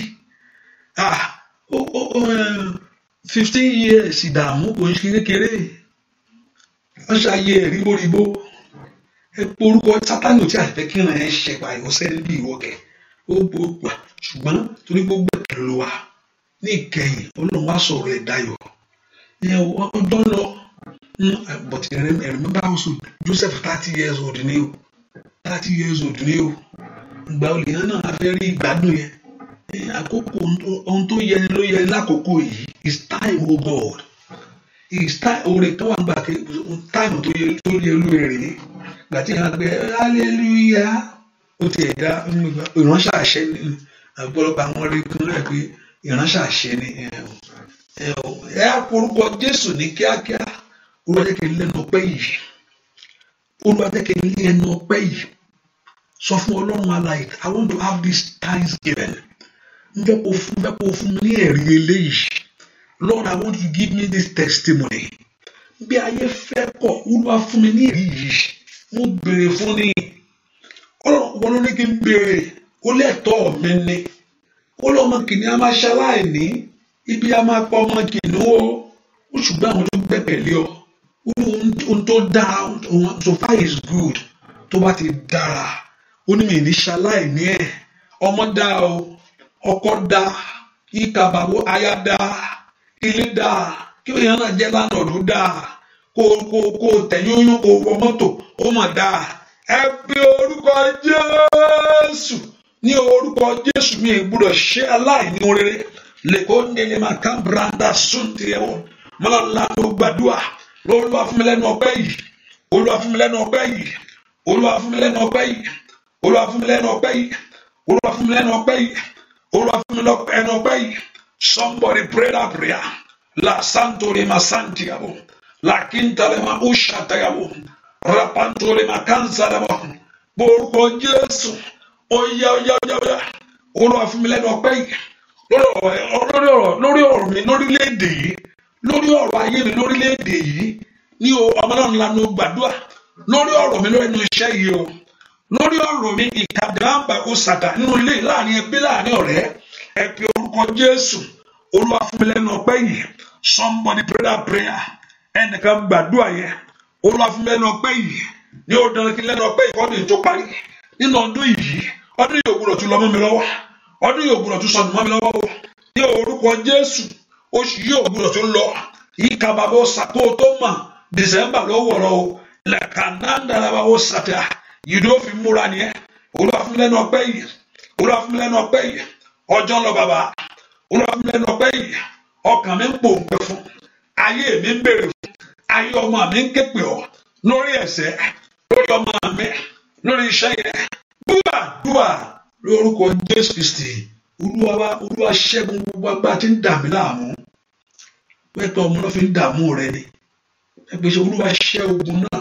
ah, eh, fifteen years ìdààmú kò ń ṣe kékeré wọ́n ṣàyè ẹ̀rí bóríbó ẹ porúkọ sátani ò tí àfẹ́ kíran ẹ ṣe pààyàn ọ̀sẹ̀ bí ìwọ́kẹ̀ ó gbogbo ṣùgbọ́n torí gbogbo ẹ̀kẹ́ ló wà ní ìkẹyìn ọlọ́run wá sọ̀rọ̀ ẹ̀ dayọ̀ ìyẹn ọjọ́ ń lọ hmm, but remember also Joseph thirty years old ni o thirty years old ni o ìgbà olè yẹn náà a fẹ́ rí ìgbádùn yẹn àkókò ohun tó yẹni ló yẹ lákòókò yìí is time o oh God is time oore tó wà nígbà time tó yẹ tó yẹ ló rè é gàtí yàrá gbé hallelujah ó ti ẹ̀dá ìránṣẹ́ àṣẹ ni ọ̀pọ̀lọpọ̀ àwọn orí kan rẹ̀ pé ìránṣẹ́ àṣẹ ni ẹ orúkọ Jésù ní kíákíá Olúwa jẹ́ kí n lẹ́nu ọpẹ́ yìí Olúwa jẹ́ kí n lẹ́nu ọpẹ́ yìí sọ fún Ọlọ́run alààyè I want to have this thanksgiving mo fẹ́ kó fún mo fẹ́ fún mi ní ẹ̀rí eléyìí Lord I want you to give me this testimony bí ayé fẹ́ kọ̀ Olúwa fún mi ní èyí yìí mo béèrè fún ni wọn ló ní kí n béèrè ó lẹ́tọ̀ọ́ mi ni ó lọ́mọ kìnìún a máa ṣaláìní ibi a máa pa ọmọ kìnìún o ó ṣùgbọ́n àwọn tó gbẹ́kẹ̀lé ọ ohun tó dáa so far is good tó bá ti dára ó ní mi ní ṣaláìní ẹ̀ ọmọ dáa o ọkọ da ìkàbàwò aya da ilé da kí èèyàn náà jẹ́ lánàdó da kó kó kó tẹ̀yúnyún kó wọ mọ́tò ó mà da ẹ pe orúkọ Jésù ní orúkọ Jésù mi gbúdọ̀ ṣe aláìní rere lèkó nílé máa ká branda sóńtìrẹ wọn mọ́lá ló gbàdúrà lọ́lọ́wà fún mi lẹ́nu ọpẹ́ yìí Olúwa fún mi lẹ́nu ọpẹ́ yìí Olúwa fún mi lẹ́nu ọpẹ́ yìí Olúwa fún mi lẹ́nu ọpẹ́ yìí Olúwa fún mi lẹ́nu ọpẹ́ yìí olúwa fún mi lọ́pẹ́ ẹnu ọpẹ́ yìí somebody pray that prayer la Santo le ma santi yabo la le ma usata yabo rapantore ma kansa yabo borúkọ jésù oyá oyá oyá oyá olúwa fún mi lẹ́nu ọpẹ́ yìí lórí ọ̀rọ̀ lórí ọ̀rọ̀ mi lórílẹ̀‐èdè yìí lórí ọ̀rọ̀ ayé mi lórílẹ̀‐èdè yìí ní ọmọ náà ńlá ní o gbàdúrà lórí ọ̀rọ̀ mi lórí ẹnu iṣẹ́ yìí o lórí ọ̀rọ̀ mi ìkàdàmbà òsàdà nínú ilé láàrin ẹbí láàrin ọ̀rẹ́ ẹ pe orúkọ Jésù Olúwa fún mi lẹ́nu ọpẹ́ yìí somebody pray that prayer ẹnìkan gbàdúrà yẹn Olúwa fún mi lẹ́nu ọpẹ́ yìí ní ó dandan kí lẹ́nu ọpẹ́ yìí kọ́ ní ètò parí nínú ọdún yìí ọdún yìí ògùrọ̀ tún lọ mọ́ mi lọ́wọ́ ọdún yìí ògùrọ̀ tún sọnù mọ́ mi lọ́wọ́ ní orúkọ Jésù oṣù yìí ògùrọ̀ tún lọ yìí sàkóso tó mọ̀ December lọ́wọ́ lọ́wọ́ lẹ́kànnà dàràbà ó sàtà yìí ló fi múra nìyẹn olúwa fún mi lẹ́nu ọpẹ́ yìí olúwa fún mi lẹ́nu ọpẹ́ yìí ọjọ́ ń lọ bàbá olúwa fún mi lẹ́nu ọpẹ́ yìí ọkàn mi ń pòǹgbẹ fún ayé mi ń béèrè fún ayé ọmọ mi ń ké pè ọ́ lórí ẹ̀ṣẹ̀ lórí ọmọ mi lórí iṣẹ́ yẹn dúà dúà lórúkọ Jésù Kristi olúwa wa olúwa ṣẹ́gun gbogbo agbá tí ń dàmí láàmú pẹ́pẹ́ ọmọ náà fi ń dààmú rẹ ni pẹ́pẹ́ ṣe olúwa ṣẹ́ ogun náà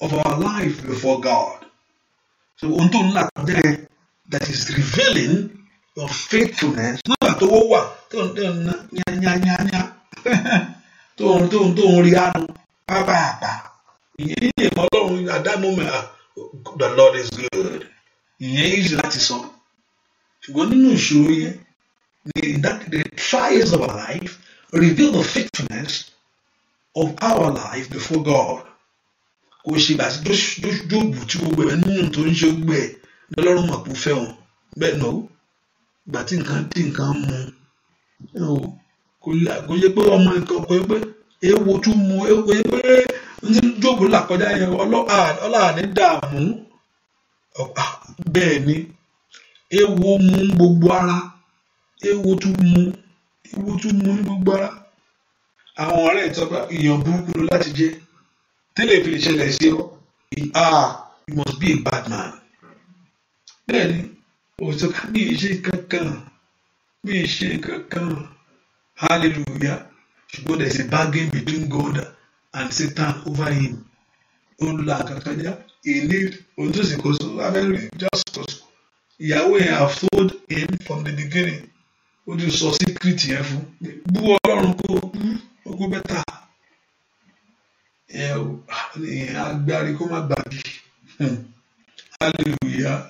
of our life before God. So unto not there that is revealing your faithfulness. Nígbà tó wó wà tó ń tó ń yányányányá tó ń tó ń tó ń rí àánú pápáàpá. Ìyẹn ní ìmọ̀ Ọlọ́run at that moment ah, the Lord is good. Ìyẹn easy láti sọ. Ṣùgbọ́n nínú ìṣòro yẹn ni that the trials of our life reveal the faithfulness of our life before God. kò ṣe bá sí jóòbù tí gbogbo ẹ̀ nínú tó ń ṣe gbogbo ẹ̀ lọ́lọ́run mọ̀ kó fẹ́ wọn bẹ́ẹ̀ náà gbà tí nǹkan tí nǹkan mu kò yẹ pé ọmọ nǹkan kò yẹ pé ewo tún mu kò yẹ pé ní jóòbù là kọjá yẹn ọlọ́àní dààmú bẹ́ẹ̀ ni ewo mu gbogbo ara ewo tún mu ewo tún mu ní gbogbo ara àwọn ọ̀rẹ́ ìtọ́gbà èèyàn burúkú láti jẹ́ tẹ́lẹ̀ fi lè ṣẹlẹ̀ sí ọ ah he must be a bad man bẹ́ẹ̀ni òṣùká mi ì ṣe kankan mi ì kankan hallelujah ṣùgbọ́n there is a bargain between God and Satan over him ó ń la kankanjá he ohun tó sì kó so abẹ́rẹ́ just kó so ìyàwó yẹn have told him from the beginning ó ti sọ secret yẹn fún bú ọlọ́run kó bú ọgbọ́n bẹ́tà. agbárí kó má gbàgbé hmm. hallelujah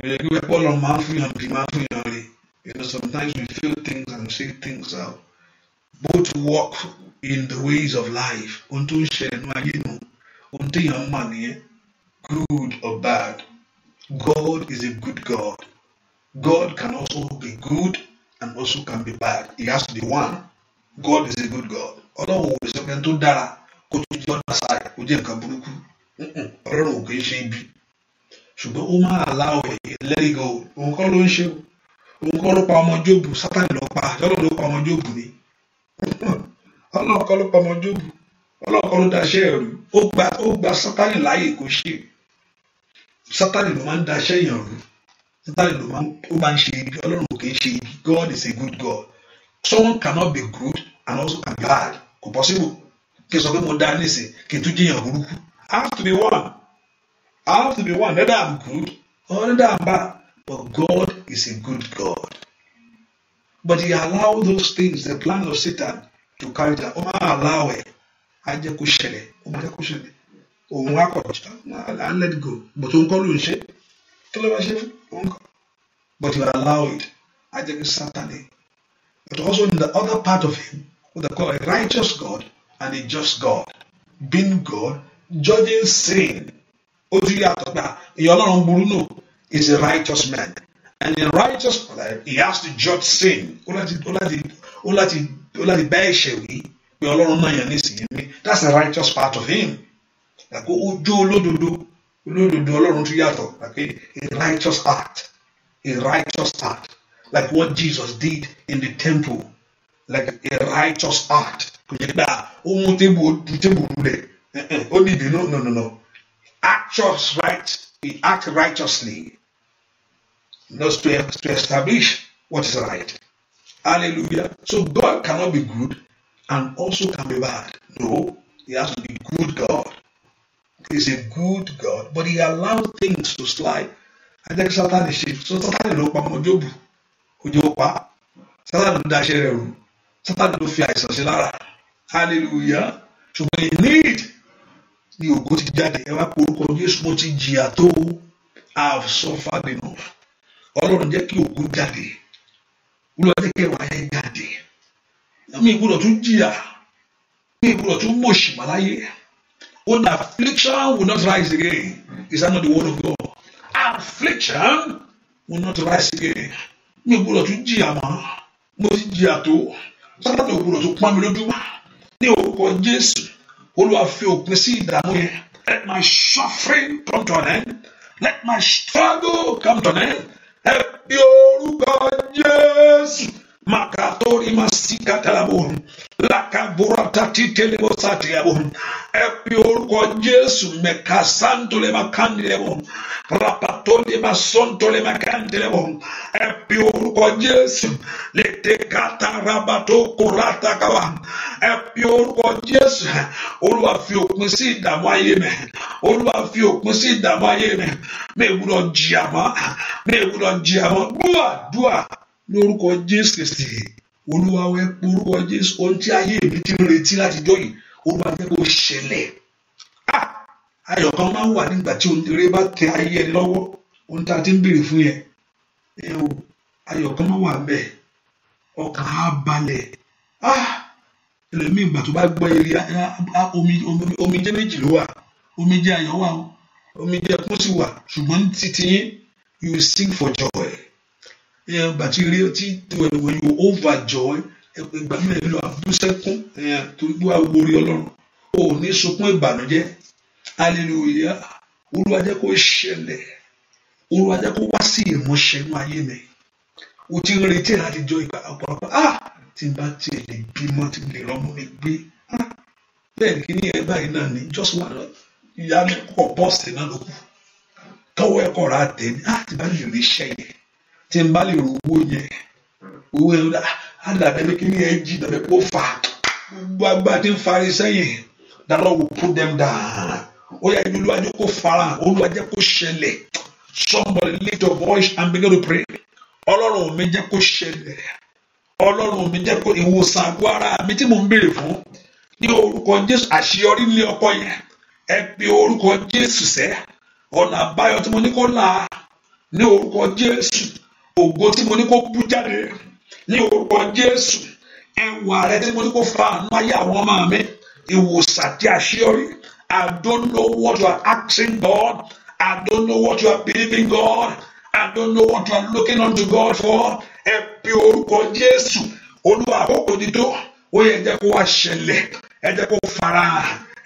we dey give all and be you know sometimes we feel things and say things out but to walk in the ways of life ohun tó ń ṣẹlẹ̀ ní ayé nù ohun tó yàn mà nìyẹn good or bad God is a good God God can also be good and also can be bad he has to be one God is a good God. ọlọ́run ò sọ pé tó dára kó tó jẹ́ ọ̀nà sáré kó jẹ́ nǹkan burúkú ọlọ́run ò kì í ṣe ibi ṣùgbọ́n ó máa aláwọ̀ ẹlẹ́rìí gan o òun kọ́ ló ń ṣe o òun kọ́ ló pa ọmọ jóòbù sátani ló pa àjọlọ́ ló pa ọmọ jóòbù ni ọlọ́run kọ́ ló pa ọmọ jóòbù ọlọ́run kọ́ ló daṣẹ́ ẹ̀rú ó gba ó gba sátani láàyè kó ṣe sátani ló máa ń daṣẹ́ èèyàn rú sátani ló máa ń ṣe ibi ọlọ́run ò kì ṣe ibi God is a good God someone cannot be good and also be bad kò possible kí n sọ pé mo dá nísìn kí n tún jẹyàn burúkú I have to be one I have to be one whether I'm good or whether I'm bad but God is a good God but he allow those things the plan of Satan to carry that ó máa allow ẹ̀ á jẹ́ kó ṣẹlẹ̀ ó máa jẹ́ kó ṣẹlẹ̀ òun á kọ̀ I let go but òun kọ́ ló ń ṣe kí ló bá ṣe fún òun kọ́ but you allow it á jẹ́ kí Satan ẹ̀ but also in the other part of him what they call a righteous God and a just God being God judging sin ó tún yàtọ̀ pé is a righteous man and a righteous man he has to judge sin ó láti ó láti ó láti ó láti bá ẹ̀ṣẹ̀ wí pé ọlọ́run náà yàn ní sinmi that's the righteous part of him àgbo ojú olódodo olódodo ọlọ́run tún yàtọ̀ àgbo a righteous act a righteous act like what Jesus did in the temple like a righteous act kò yẹ pé ohun ah, tébù ojú tébù rẹ̀ ó dìde no no no Act just right we act righteously not to, to establish what is right hallelujah so God cannot be good and also can be bad no he has to be good God he is a good God but he allowed things to slide ajẹ́ kí Sátánì ṣe so Satan, ló pa ọmọ Jóòbù ojú ó pa Sátánì ló dáṣẹ́ rẹ̀ rù sátani ló fi àìsàn sí lára hallelujah ṣùgbọ́n in need ni ògo ti jáde ẹ wá pé orúkọ Jésù mo ti jìyà tó I have suffered enough ọlọ́run jẹ́ kí ògo jáde olúwa jẹ́ kí ẹwà yẹn jáde mi ìgbọ́dọ̀ tún jìyà mi ìgbọ́dọ̀ tún mọ̀ṣì mà láyé own affliction will not rise again is that not the word of God affliction will not rise again mi ìgbọ́dọ̀ tún jìyà mọ́ mo ti jìyà tó sátánì ò gbọdọ̀ tó pọ́n mi lójú wá ní orúkọ jésù olúwa òpin sí ìdààmú yẹn let my suffering come to an end let my struggle come to an end ẹ bí orúkọ jésù makatori masika talabon lakaburata titelebosati yabon ẹpi orúkọ Jésù mẹkasantolemakandelebon rapatolemasontolemakandilebon ẹpi orúkọ Jésù letekata rabato korata kaba ẹpi orúkọ Jésù Olúwa fi òpin sí ìdààmú ayé mẹ Olúwa fi òpin sí ìdààmú ayé mẹ mẹ wúlọ jìyàmọ mẹ wúlọ jìyàmọ dúà dúà lórúkọ jésù kristi olúwa wẹ orúkọ jésù ohun tí ayé mi ti ń retí láti jọ yìí olúwa jẹ́ kó ṣẹlẹ̀ ah! ayọ̀ kan máa ń wà nígbà tí ohun bá tẹ ayé ẹni lọ́wọ́ ohun tá a ti ń béèrè fún yẹn ẹ o ayọ̀ kan máa wà bẹ́ẹ̀ ọkàn á balẹ̀ ah! ẹlòmíì ìgbà tó bá gbọ́ eré omijé méjì ló wà omijé ayọ̀ wà omijé ẹkún sì wà ṣùgbọ́n títí yín you sing for joy ìgbà tí eré tí when you overjoy ìgbà mi ẹ̀ lọ abúsẹ́kún torí pé wàá wọrí ọlọ́run ò ní sunkún ìbànújẹ́ hallelujah olúwa jẹ́ kó ṣẹlẹ̀ olúwa jẹ́ kó wá sí ìmúṣẹ inú ayé mi o ti ń retí àtijọ́ ìgbà àpapọ̀ ah tí n bá tiẹ̀ lè bímọ tí n lè rọ́mọ mi gbé ah! bẹ́ẹ̀ ni kíní ẹ̀ báyìí náà ni just one ìyá mi kọ̀ bọ́ọ̀sì náà ló kù tọwọ́ ẹ̀kọ́ ra tẹ̀ ní ah tí n bá lè rí iṣẹ́ yẹn tí n bá lè rówó yẹn owó yẹn á dàbẹ́ pé kí ni ẹ jí dàbẹ́ kó fà gbogbo agbá tí ń fari sẹ́yìn dáná wò put them down ó yẹ kí olúwa jẹ́ kó fara olúwa jẹ́ kó ṣẹlẹ̀ somebody lift your voice and begin to pray ọlọ́run mi jẹ́ kó ṣẹlẹ̀ ọlọ́run mi jẹ́ kó ìwòsàn àgọ́ ara mi tí mò ń béèrè fún ní orúkọ jésù àṣeyọrí ilé ọkọ yẹn ẹ pe orúkọ jésù sẹ́ ọ̀nà àbáyọ tí mo ní kó là ní orúkọ jésù ògo tí mo ní kó bú jáde ní orúkọ Jésù ẹwà rẹ tí mo ní kó fa àánú ayé àwọn ọmọ mi ìwòsàn àti àṣeyọrí I don't know what you are asking God I don't know what you are believing God I don't know what you are looking unto God for ẹ pe orúkọ Jésù olúwa àkókò dídó ó yẹ ẹ jẹ́ kó wá ṣẹlẹ̀ ẹ jẹ́ kó fara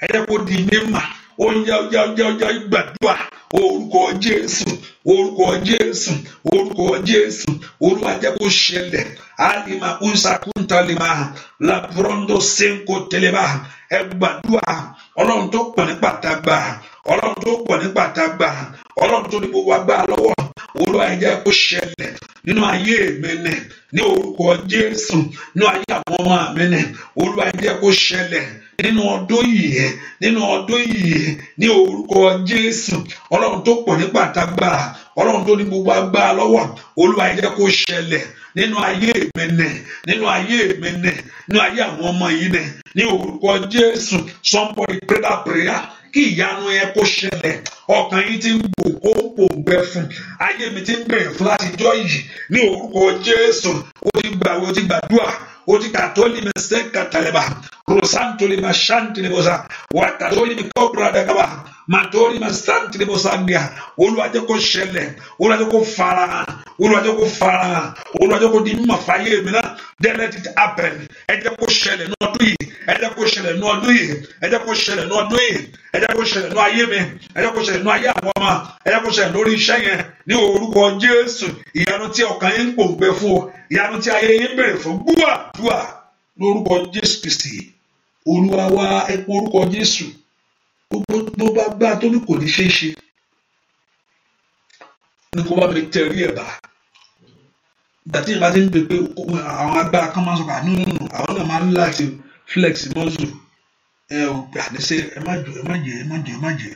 ẹ jẹ́ kó di mímọ̀ ó ń yá yá yá yá gbàdúrà orúkọ Jésù orúkọ Jésù orúkọ Jésù Olúwa jẹ́ kó ṣẹlẹ̀ alima usakuntalima laburondo senko telema ẹ gbàdúrà Ọlọ́run tó pọ̀ ní pàtàgbà Ọlọ́run tó pọ̀ ní pàtàgbà Ọlọ́run tó ní gbogbo agbára lọ́wọ́ Olúwa ẹ jẹ́ kó ṣẹlẹ̀ nínú ayé mi nẹ ní orúkọ Jésù nínú ayé àwọn ọmọ mi Olúwa ẹ kó ṣẹlẹ̀ nínú ọdún yìí nínú ọdún yìí ní orúkọ Jésù ọlọ́run tó pọ̀ nípa àtagbára ọlọ́run tó ní gbogbo agbára lọ́wọ́ olúwa ẹ jẹ́ kó ṣẹlẹ̀ nínú ayé mi nẹ nínú ayé mi nẹ nínú ayé àwọn ọmọ yìí nẹ ní orúkọ Jésù somebody pray that prayer kí ìyanu yẹn kó ṣẹlẹ̀ ọkàn yìí ti ń bò kó pòǹgbẹ fún ayé mi ti ń bẹ̀rẹ̀ fún láti jọ́ yìí ní orúkọ Jésù ó ti gbàwé ó ti gbàdúrà kuti katoli meseka taleba rusantuli mashanti libosa wakatoli mikobra dagaba matori masanti libosandia ulwaje koshele ulwaje kufala ulwaje kufala ulwaje kudimma fayemina then let it happen ẹ jẹ́ kó ṣẹlẹ̀ ní ọdún yìí ẹ jẹ́ kó ṣẹlẹ̀ ní ọdún yìí ẹ jẹ́ kó ṣẹlẹ̀ ní ọdún yìí ẹ jẹ́ kó ṣẹlẹ̀ ní ayé mi ẹ jẹ́ kó ṣẹlẹ̀ ní ayé àwọn ọmọ ẹ jẹ́ kó ṣẹlẹ̀ lórí iṣẹ́ yẹn ní orúkọ Jésù ìyanu tí ọkàn yín pòǹgbẹ fún ọ ìyanu tí ayé yín béèrè fún gbúà dúà lórúkọ Jésù Kristi Olúwa wa ẹ pọ orúkọ Jésù gbogbo tó bá gbá tó ní kò ní ṣeé ṣe ni kó bá mi tẹrí ẹ̀ bá dàtí ìbá ti ń pè pé àwọn agbára kan máa ń sọ pé àdúrà ah, nù àwọn náà máa ń láti flex muscle ẹ ò pè àdéṣe ẹ má jẹ ẹ má jẹ ẹ má jẹ ẹ má jẹ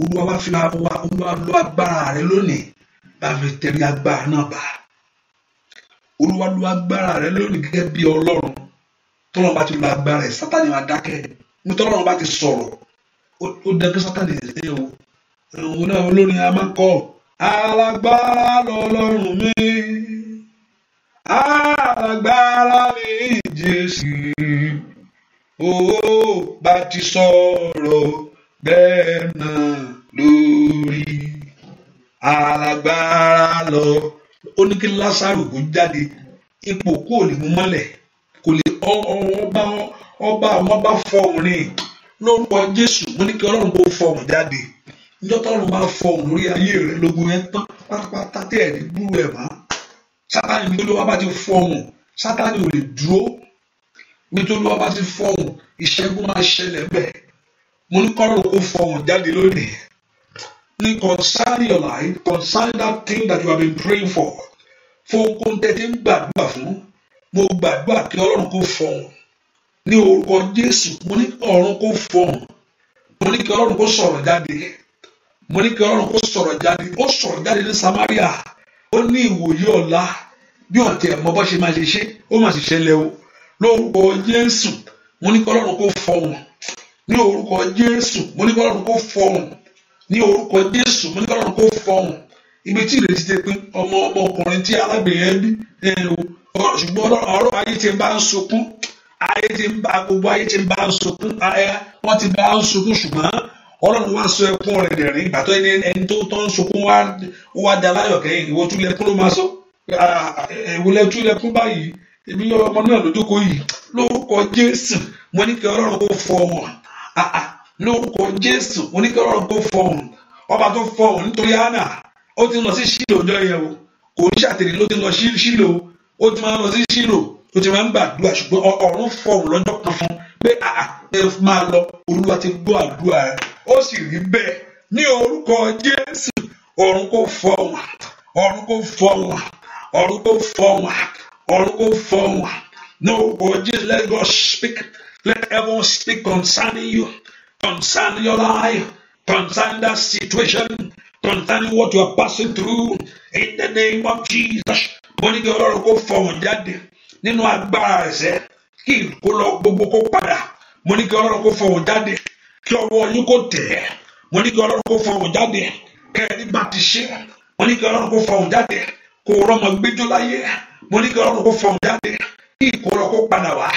olúwa wá fi wá olúwa lo agbára rẹ lónìí bá fi tẹ̀lé agbára náà bá olúwa lo agbára rẹ lónìí gẹ́gẹ́ bí ọlọ́run tọ́lọ́run bá ti lo agbára ẹ̀ sátani máa dákẹ́ ní tọ́lọ́run bá ti sọ̀rọ̀ ó dẹ́ pé sátani ẹ̀ o òun náà olórin a máa kọ́ alágbára lọ́lọ́run mi agbára mi Jésù ó bá ti sọ̀rọ̀ bẹ́ẹ̀ náà lórí alágbára lọ ó ní kí Lásárù kó jáde ipò kó lè mú mọ́lẹ̀ kò lè ọba ọba àwọn bá fọhùn rìn lórúkọ Jésù mo ní kí Ọlọ́run kó fọhùn jáde níjọ́ tọ́lọ́run bá fọhùn lórí ayé rẹ lógun yẹn tán pátápátá tẹ̀ ní gbúrú ẹ̀ máa sátani bí olúwa bá ti fọhùn sátani ò lè dúró bí olúwa bá ti fọhùn ìṣẹ́gun máa ṣẹlẹ̀ bẹ́ẹ̀ mo ní kọ́rọ̀ kó fọhùn jáde lónìí ní concerning your life concerning that thing that you have been praying for fún ohun tẹ́tí ń gbàdúrà fún mo gbàdúrà kí ọlọ́run kó fọhùn ní orúkọ jésù mo ní ọ̀run kó fọhùn mo ní kí ọlọ́run kó sọ̀rọ̀ jáde mo ní kí ọlọ́run kó sọ̀rọ̀ jáde ó sọ̀rọ̀ jáde ní samaria ó ní ìwòye ọ̀la bí ọ̀tẹ̀ ẹ̀mọ́ bọ́ ṣe máa ṣe ṣe ó mà sì ṣẹlẹ̀ o lórúkọ Jésù mo ní kọ́lọ́run kó fọ wọn ní orúkọ Jésù mo ní kọ́lọ́run kó fọ wọn ní orúkọ Jésù mo ní kọ́lọ́run kó fọ wọn ibi tí ìrètí ti pín ọmọ ọmọkùnrin tí arábìnrin ẹ bí ṣùgbọ́n ọ̀rọ̀ ayé ti bá ń sunkún ayé ti ń bá gbogbo ayé ti bá ń sunkún wọ́n ti bá ń sunkún ṣùgbọ́n ọlọ́run wá sọ ẹkún rẹ̀ dẹ̀rín ìgbà tó ẹni tó tán sunkún wá ó wá da láyọ̀ kẹ́yìn ìwọ tún lẹkún ló máa sọ ìwọ lẹtún lẹkún báyìí èmi ọmọ náà lójókòó yìí lórúkọ jésù mo ní kí ọlọ́run kó fọ wọn lórúkọ jésù mo ní kí ọlọ́run kó fọ wọn ọba tó fọ wọn nítorí hánà ó ti lọ sí ṣílò ọjọ́ yẹn o kò ní ṣàtẹ̀lé ló ti lọ ṣílò ó ti máa lọ sí ṣílò ó ti máa ń gbàdúrà ṣùgbọ́n ọ̀run fọ wọn lọ́jọ́ kan fún pé ẹ máa lọ olúwa ti gbọ́ àdúrà rẹ ó sì rí bẹ́ẹ̀ ní orúkọ Jésù ọ̀run kò fọ́ wọn ọ̀run kò fọ́ wọn ọ̀run kò fọ́ wọn ọ̀run kò fọ́ wọn ní orúkọ Jésù let God speak let everyone speak concerning you concerning your life concerning that situation concerning what you are passing through in the name of Jesus mo ní kí ọlọ́run kò fọ́ wọn jáde nínú agbára ẹ̀ṣẹ̀ kí ìkólọ gbogbo kó padà mo ọlọ́run kó fọ́ wọn jáde kí ọwọ́ yín kò tẹ̀ ẹ́ mo ní kí ọlọ́run kò fọhùn jáde kẹ́ẹ̀rí bá ti ṣe mo ní kí ọlọ́run kò fọhùn jáde kò rọmọ gbẹjọ láyé mo ní kí ọlọ́run kò fọhùn jáde kí ìkórọ kó padà wá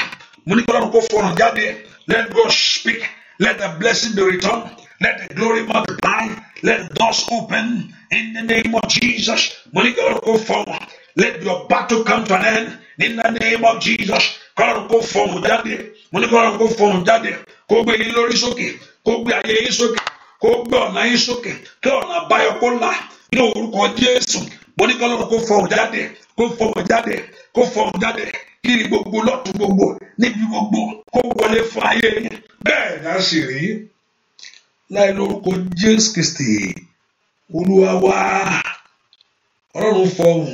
mo ní kí ọlọ́run kò fọhùn jáde let God speak let the blessing be returned let the glory multiply let the doors open in the name of Jesus mo ní kí ọlọ́run kò fọhùn let your battle come to an end in the name of Jesus kí ọlọ́run kò fọhùn jáde mo ní kí ọlọ́run kò fọhùn jáde. kó gbé yín lórí sókè kó gbé ayé yín sókè kó gbé ọ̀nà yín sókè kí ọ̀nà àbáyọ kó là ní orúkọ Jésù mo ní kọ́lọ́run kó fọ̀hún jáde kó fọ̀hún jáde kó fọ̀hún jáde kiri gbogbo lọ́tún gbogbo níbi gbogbo kó wọlé fún ayé yín bẹ́ẹ̀ náà sì rí láì lórúkọ Jésù Kristi Olúwa wa Ọlọ́run fọ̀hún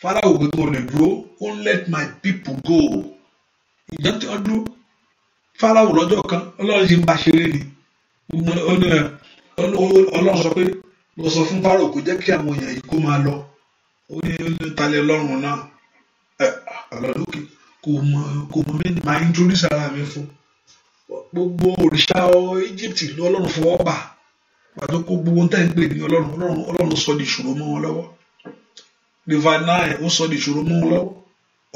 Fáráò gbogbo olè dúró ó let my people go ìjọ tí wọ́n fáráwò ọjọ́ kan ọlọ́run ti ń bá ṣeré ni ọlọ́run sọ pé lọ sọ fún fáráwò òkú jẹ́ kí àwọn èèyàn yìí kó máa lọ ó ní talẹ̀ ọlọ́run náà ọlọ́lókè kò mọ máa ń gbogbo òrìṣà Egypt fọwọ́ bà pàtó kó gbogbo ń ń pè ní ọlọ́run ọlọ́run sọ di ìṣòro mọ́ wọn lọ́wọ́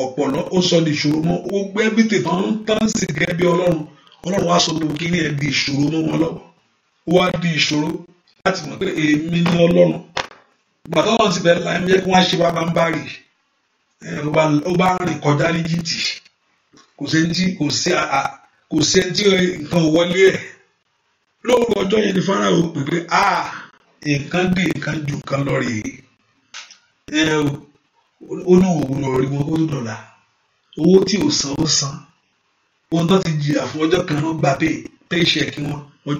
ọ̀pọ̀lọ́ ó sọ di ìṣòro mọ́ ó gbé everything tán tán sì gẹ́gẹ́ bí ọlọ́run ọlọ́run wá sọ gbogbo kíní ẹ̀ di ìṣòro mọ́ wọn lọ́wọ́ ó wá di ìṣòro láti mọ̀ pé èmi ni ọlọ́run gbàtọ́ wọn ti bẹ̀rẹ̀ láì jẹ́ kí wọ́n ṣe wá bá ń bá rì ó bá rìn kọjá ní jìtì kò sí ẹni tí kò sí àà kò sí ẹni tí nǹkan wọlé ẹ̀ lóòrò ọjọ́ yẹn ni Fáráò pè pé a nǹkan dé nǹkan ju nǹkan lọ rèé ó lóun òun lọ rí wọn kó tó dọ̀la owó tí ò san ó san ohun tó ti jìyà fún ọjọ́ kan ló gba pay pay check wọn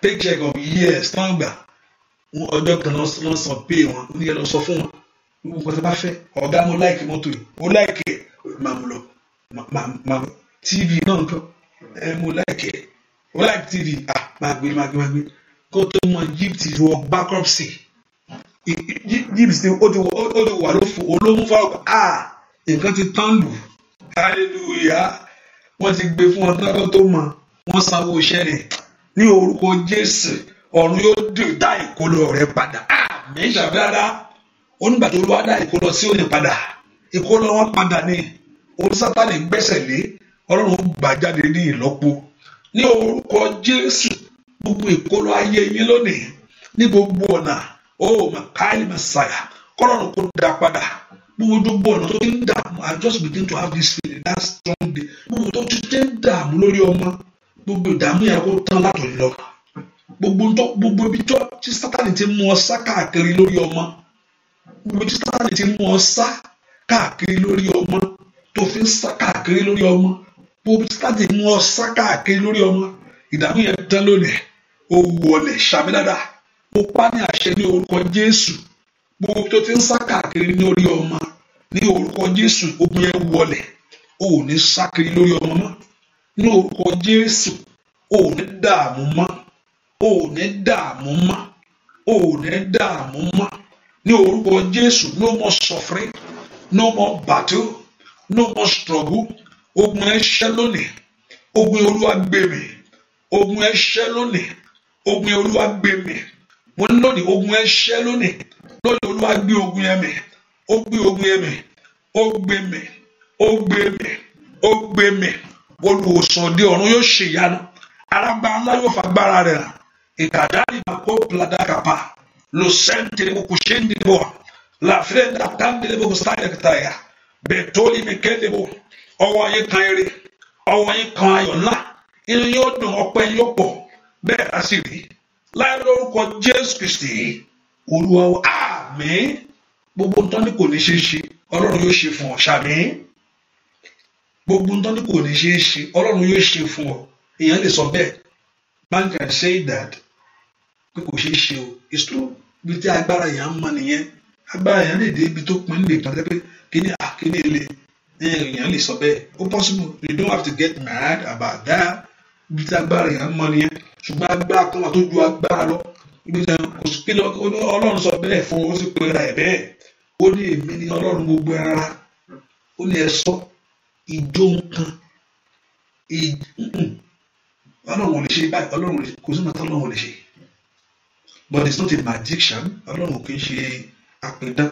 pay check of years tán gbà ọjọ́ kan ló san pay wọn ó ní ẹ lọ sọ fún wọn gbogbo nǹkan tó bá fẹ́ ọ̀gá mo like mọ́tò yìí mo láìkì ẹ̀ máa mú lọ máa tv náà kọ́ ẹ mo láìkì ẹ̀ mo láìkì tv ah máa gbé máa gbé máa gbé kó tó mọ egypt wọ bankruptcy. James ti ó ti wà lófo olóhùn fáwọn à nǹkan ti tán lù hallelujah wọ́n ti gbé fún ọdún lọ́dún tó mọ̀ wọ́n sanwó iṣẹ́ rẹ̀ ní orúkọ Jésù ọ̀run yóò dùn dá ìkólọ rẹ̀ padà àmì ìṣàbílára onígbà tó lọ́wọ́ dá ìkólọ sí òní padà ìkólọ wọn padà ní olùsátánì gbẹ́sẹ̀ lé ọlọ́run gbà jáde ní ìlọ́po ní orúkọ Jésù gbogbo ìkólọ ayé yín lónìí ní gbogbo ọ̀nà oh makaeli messiah kọ́lọ́run kò dá padà gbogbo ọ̀nà tó ti ń dààmú i just begin to have this feeling that strong day gbogbo tó ti ti ń dààmú lórí ọmọ gbogbo ìdààmú yẹn kó tán látòlí lọ gbogbo tó gbogbo ibi tó tí sátani ti mú ọ sá káàkiri lórí ọmọ gbogbo tí sátani ti mú ọ sá káàkiri lórí ọmọ tó fi ń sá káàkiri lórí ọmọ gbogbo tí sátani mú ọ sá káàkiri lórí ọmọ ìdààmú yẹn tán lónìí owó ọlẹ ṣàmì dáadáa mo pa ní àṣẹ ní orúkọ Jésù gbogbo tó ti ń sá káàkiri ní orí ọmọ ní orúkọ Jésù ogun yẹn wọlẹ̀ o ò ní sá kiri lórí ọmọ mọ́ ní orúkọ Jésù o ò ní dààmú mọ́ o ò ní dààmú mọ́ o ò ní dààmú mọ́ ní orúkọ Jésù no more suffering no more battle no more struggle ogun ẹ ṣẹ́ lónìí ogun olúwa gbé mi ogun ẹ ṣẹ́ lónìí ogun olúwa gbé mo ní lónìí ogun ẹ ṣẹ́ lónìí lónìí olúwa gbé ogun ẹ mì ó gbé ogun ẹ mì ó gbé mì ó gbé mì ó gbé mì olùwòsàn òde ọ̀run yóò ṣèyanu araba ńlá yóò fagbára rẹ̀ hàn ìkàdáàdì ìgbàgbọ́ pladakapa lùsẹ́ńtìrìbù kò ṣe ń dìbò làfẹ́ńdà tàǹdìrìbù kò sáyẹ̀kìtàyà bẹ̀tọ́lì mẹ́kẹ́dìbò ọwọ́ yín kan eré ọwọ́ yín kan ayọ̀ ńlá inú yóò dùn ọpẹ́ yóò pọ̀ bẹ́ẹ̀ á sì rí láàrin orúkọ Jésù Kristi olúwa àmín gbogbo ntọ́ ni kò ní ṣeé ṣe ọlọ́run yóò ṣe fún ọ ṣàmì gbogbo ntọ́ ni kò ní ṣeé ṣe ọlọ́run yóò ṣe fún ọ èèyàn lè sọ bẹ́ẹ̀ man can say that pé kò ṣeé ṣe o it's true ibi tí agbára èèyàn mọ nìyẹn agbára èèyàn lè dé ibi tó pin nìkan tẹ́ pé kíní àkíní ilé èèyàn lè sọ bẹ́ẹ̀ ó possible you don't have to get mad about that ibi tí agbára èèyàn mọ nìyẹn ṣùgbọ́n agbára kan wà tó ju agbára lọ ìgbésẹ̀ kò sí kí ọlọ́run sọ bẹ́ẹ̀ fún ó sì pera ẹ̀ bẹ́ẹ̀ ó ní èmi ní ọlọ́run gbogbo ara ó ní ẹ sọ ìjó nǹkan ọlọ́run ò lè ṣe báyìí ọlọ́run kò sí màtá ọlọ́run ò lè ṣe but it's not a magician ọlọ́run kì í ṣe apidán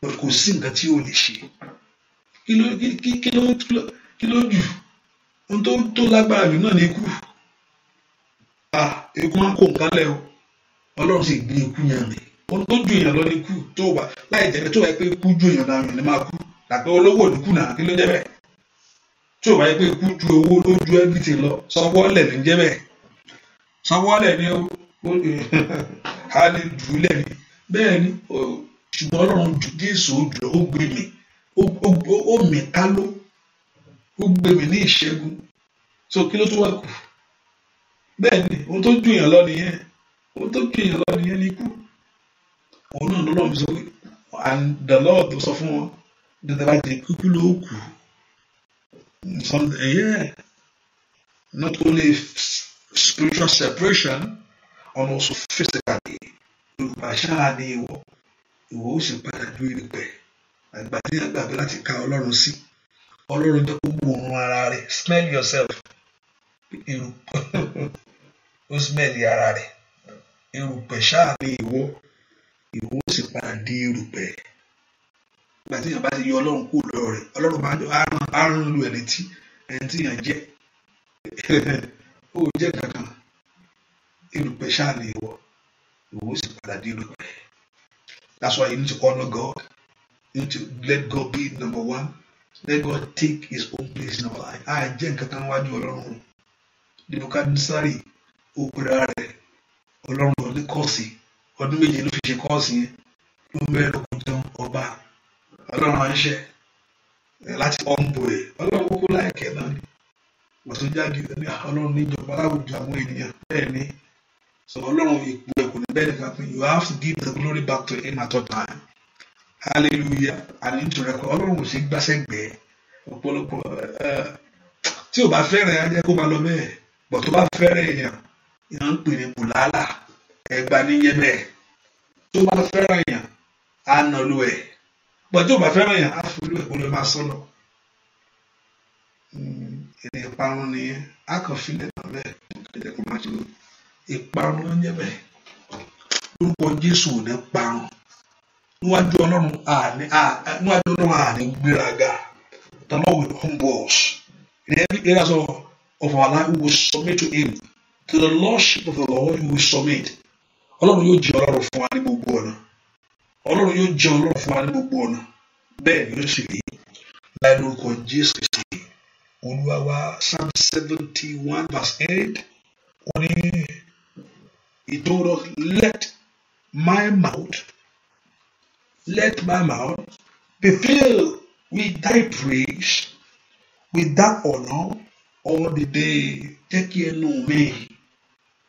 but kò sí nǹkan tí ò lè ṣe kí ló jù ohun tó lágbára jù náà ni ikú eku ah, máa ń kó nǹkan lẹ o ọlọ́run sì gbé eku yàn mí ohun tó ju èèyàn lọ ní kú tó wà láì jẹ́ tó wà pé kú ju èèyàn lọ àrùn ní máa kú tàbí olówó ní kú náà kí ló jẹ́ bẹ́ẹ̀ tí ò bá yẹ pé kú ju owó ló ju everything lọ sanwó-ọ̀lẹ̀ ló ń jẹ́ bẹ́ẹ̀ sanwó-ọ̀lẹ̀ ni ó eh, a lè jù ú lẹ̀ ni bẹ́ẹ̀ ni ṣùgbọ́n ọlọ́run jésù òjò ó gbé mi ó mi ká ló ó gbé mi ní ìṣẹ́gun so kí ló tún wá kù bẹ́ẹ̀ni ohun tó ju èèyàn lọ nìyẹn ohun tó ju èèyàn lọ nìyẹn ni ikú òun náà ló lọ́ọ́ sọ pé àdàlọ́ tó sọ fún wọn dandan jẹ kúkú ló kù eh, not only spiritual separation and also physically yorùbá ṣáà ní ìwọ ìwọ ó sì padà ju ìrìpẹ àgbà tí yàn gbàgbé láti ka ọlọ́run sí ọlọ́run jẹ́ kó gbòòrùn ara rẹ̀ smell yourself. ó smell ara rẹ̀ erùpẹ̀ ṣáà ní ìwọ ìwọ ó sì padà di erùpẹ̀ ìgbà tí èèyàn bá ti yọ ọlọ́run kúrò lọ́rọ̀ rẹ̀ ọlọ́run máa ń arún lu ẹni tí ẹni tí èèyàn jẹ́ ó jẹ́ kankan erùpẹ̀ ṣáà ní ìwọ ìwọ ó sì padà di erùpẹ̀ that's why you need to honour God you need to let God be number one let God take his own place in our life àìjẹ́ nǹkan kan wájú ọlọ́run níbi ká ní sáré òpèrà rẹ̀ ọlọ́run lọ ní ọdún méje ló fi ṣe kọ́ọ̀sì yẹn ló ń bẹ̀rẹ̀ lókun tán ọba ọlọ́run ránṣẹ́ eh, láti ọ̀nbù ẹ̀ ọlọ́run kúkú láìkẹ́ náà ni ọ̀tún jáde ní ah, ọlọ́run níjọba láwùjọ àwọn ènìyàn bẹ́ẹ̀ ni so ọlọ́run ìpò ẹ̀ kò ní bẹ́ẹ̀ nìkan pé you have to give the glory back to him at all time hallelujah and nítorí pé ọlọ́run kò ṣe gbàṣẹ́gbẹ̀ẹ́ ọ̀pọ̀lọpọ̀ eh, tí o bá fẹ́ràn ẹ̀ á jẹ́ kó máa lọ bẹ́ẹ̀ bọ̀ tó bá fẹ́ràn èèyàn yàn ń pè ní bùlálà ẹgba níyẹn bẹ́ẹ̀ tó bá fẹ́ràn yàn á nà lu ẹ̀ pọ̀ tó bá fẹ́ràn yàn á fi lu ẹ̀ kó lè máa sọ̀rọ̀ hmm, èdè ìparun nìyẹn á kàn filẹ̀ náà bẹ́ẹ̀ èdè kò máa ṣe ìparun ló ń jẹ́ lórúkọ Jésù ò ní parun níwájú Ọlọ́run àní níwájú Ọlọ́run àní gbéraga the Lord humbles. humble us in every area of our life we submit to him to the lordship of the Lord we submit ọlọ́run yóò jẹ́ ọlọ́run fún wa ní gbogbo ọ̀nà ọlọ́run yóò jẹ́ ọlọ́run fún wa ní gbogbo ọ̀nà bẹ́ẹ̀ ni sì rí láì lórúkọ Jésù Kristi olúwa wa psalm seventy one verse eight ó ní he let my mouth let my mouth be filled with thy praise with that honour all the day Take care ẹnu me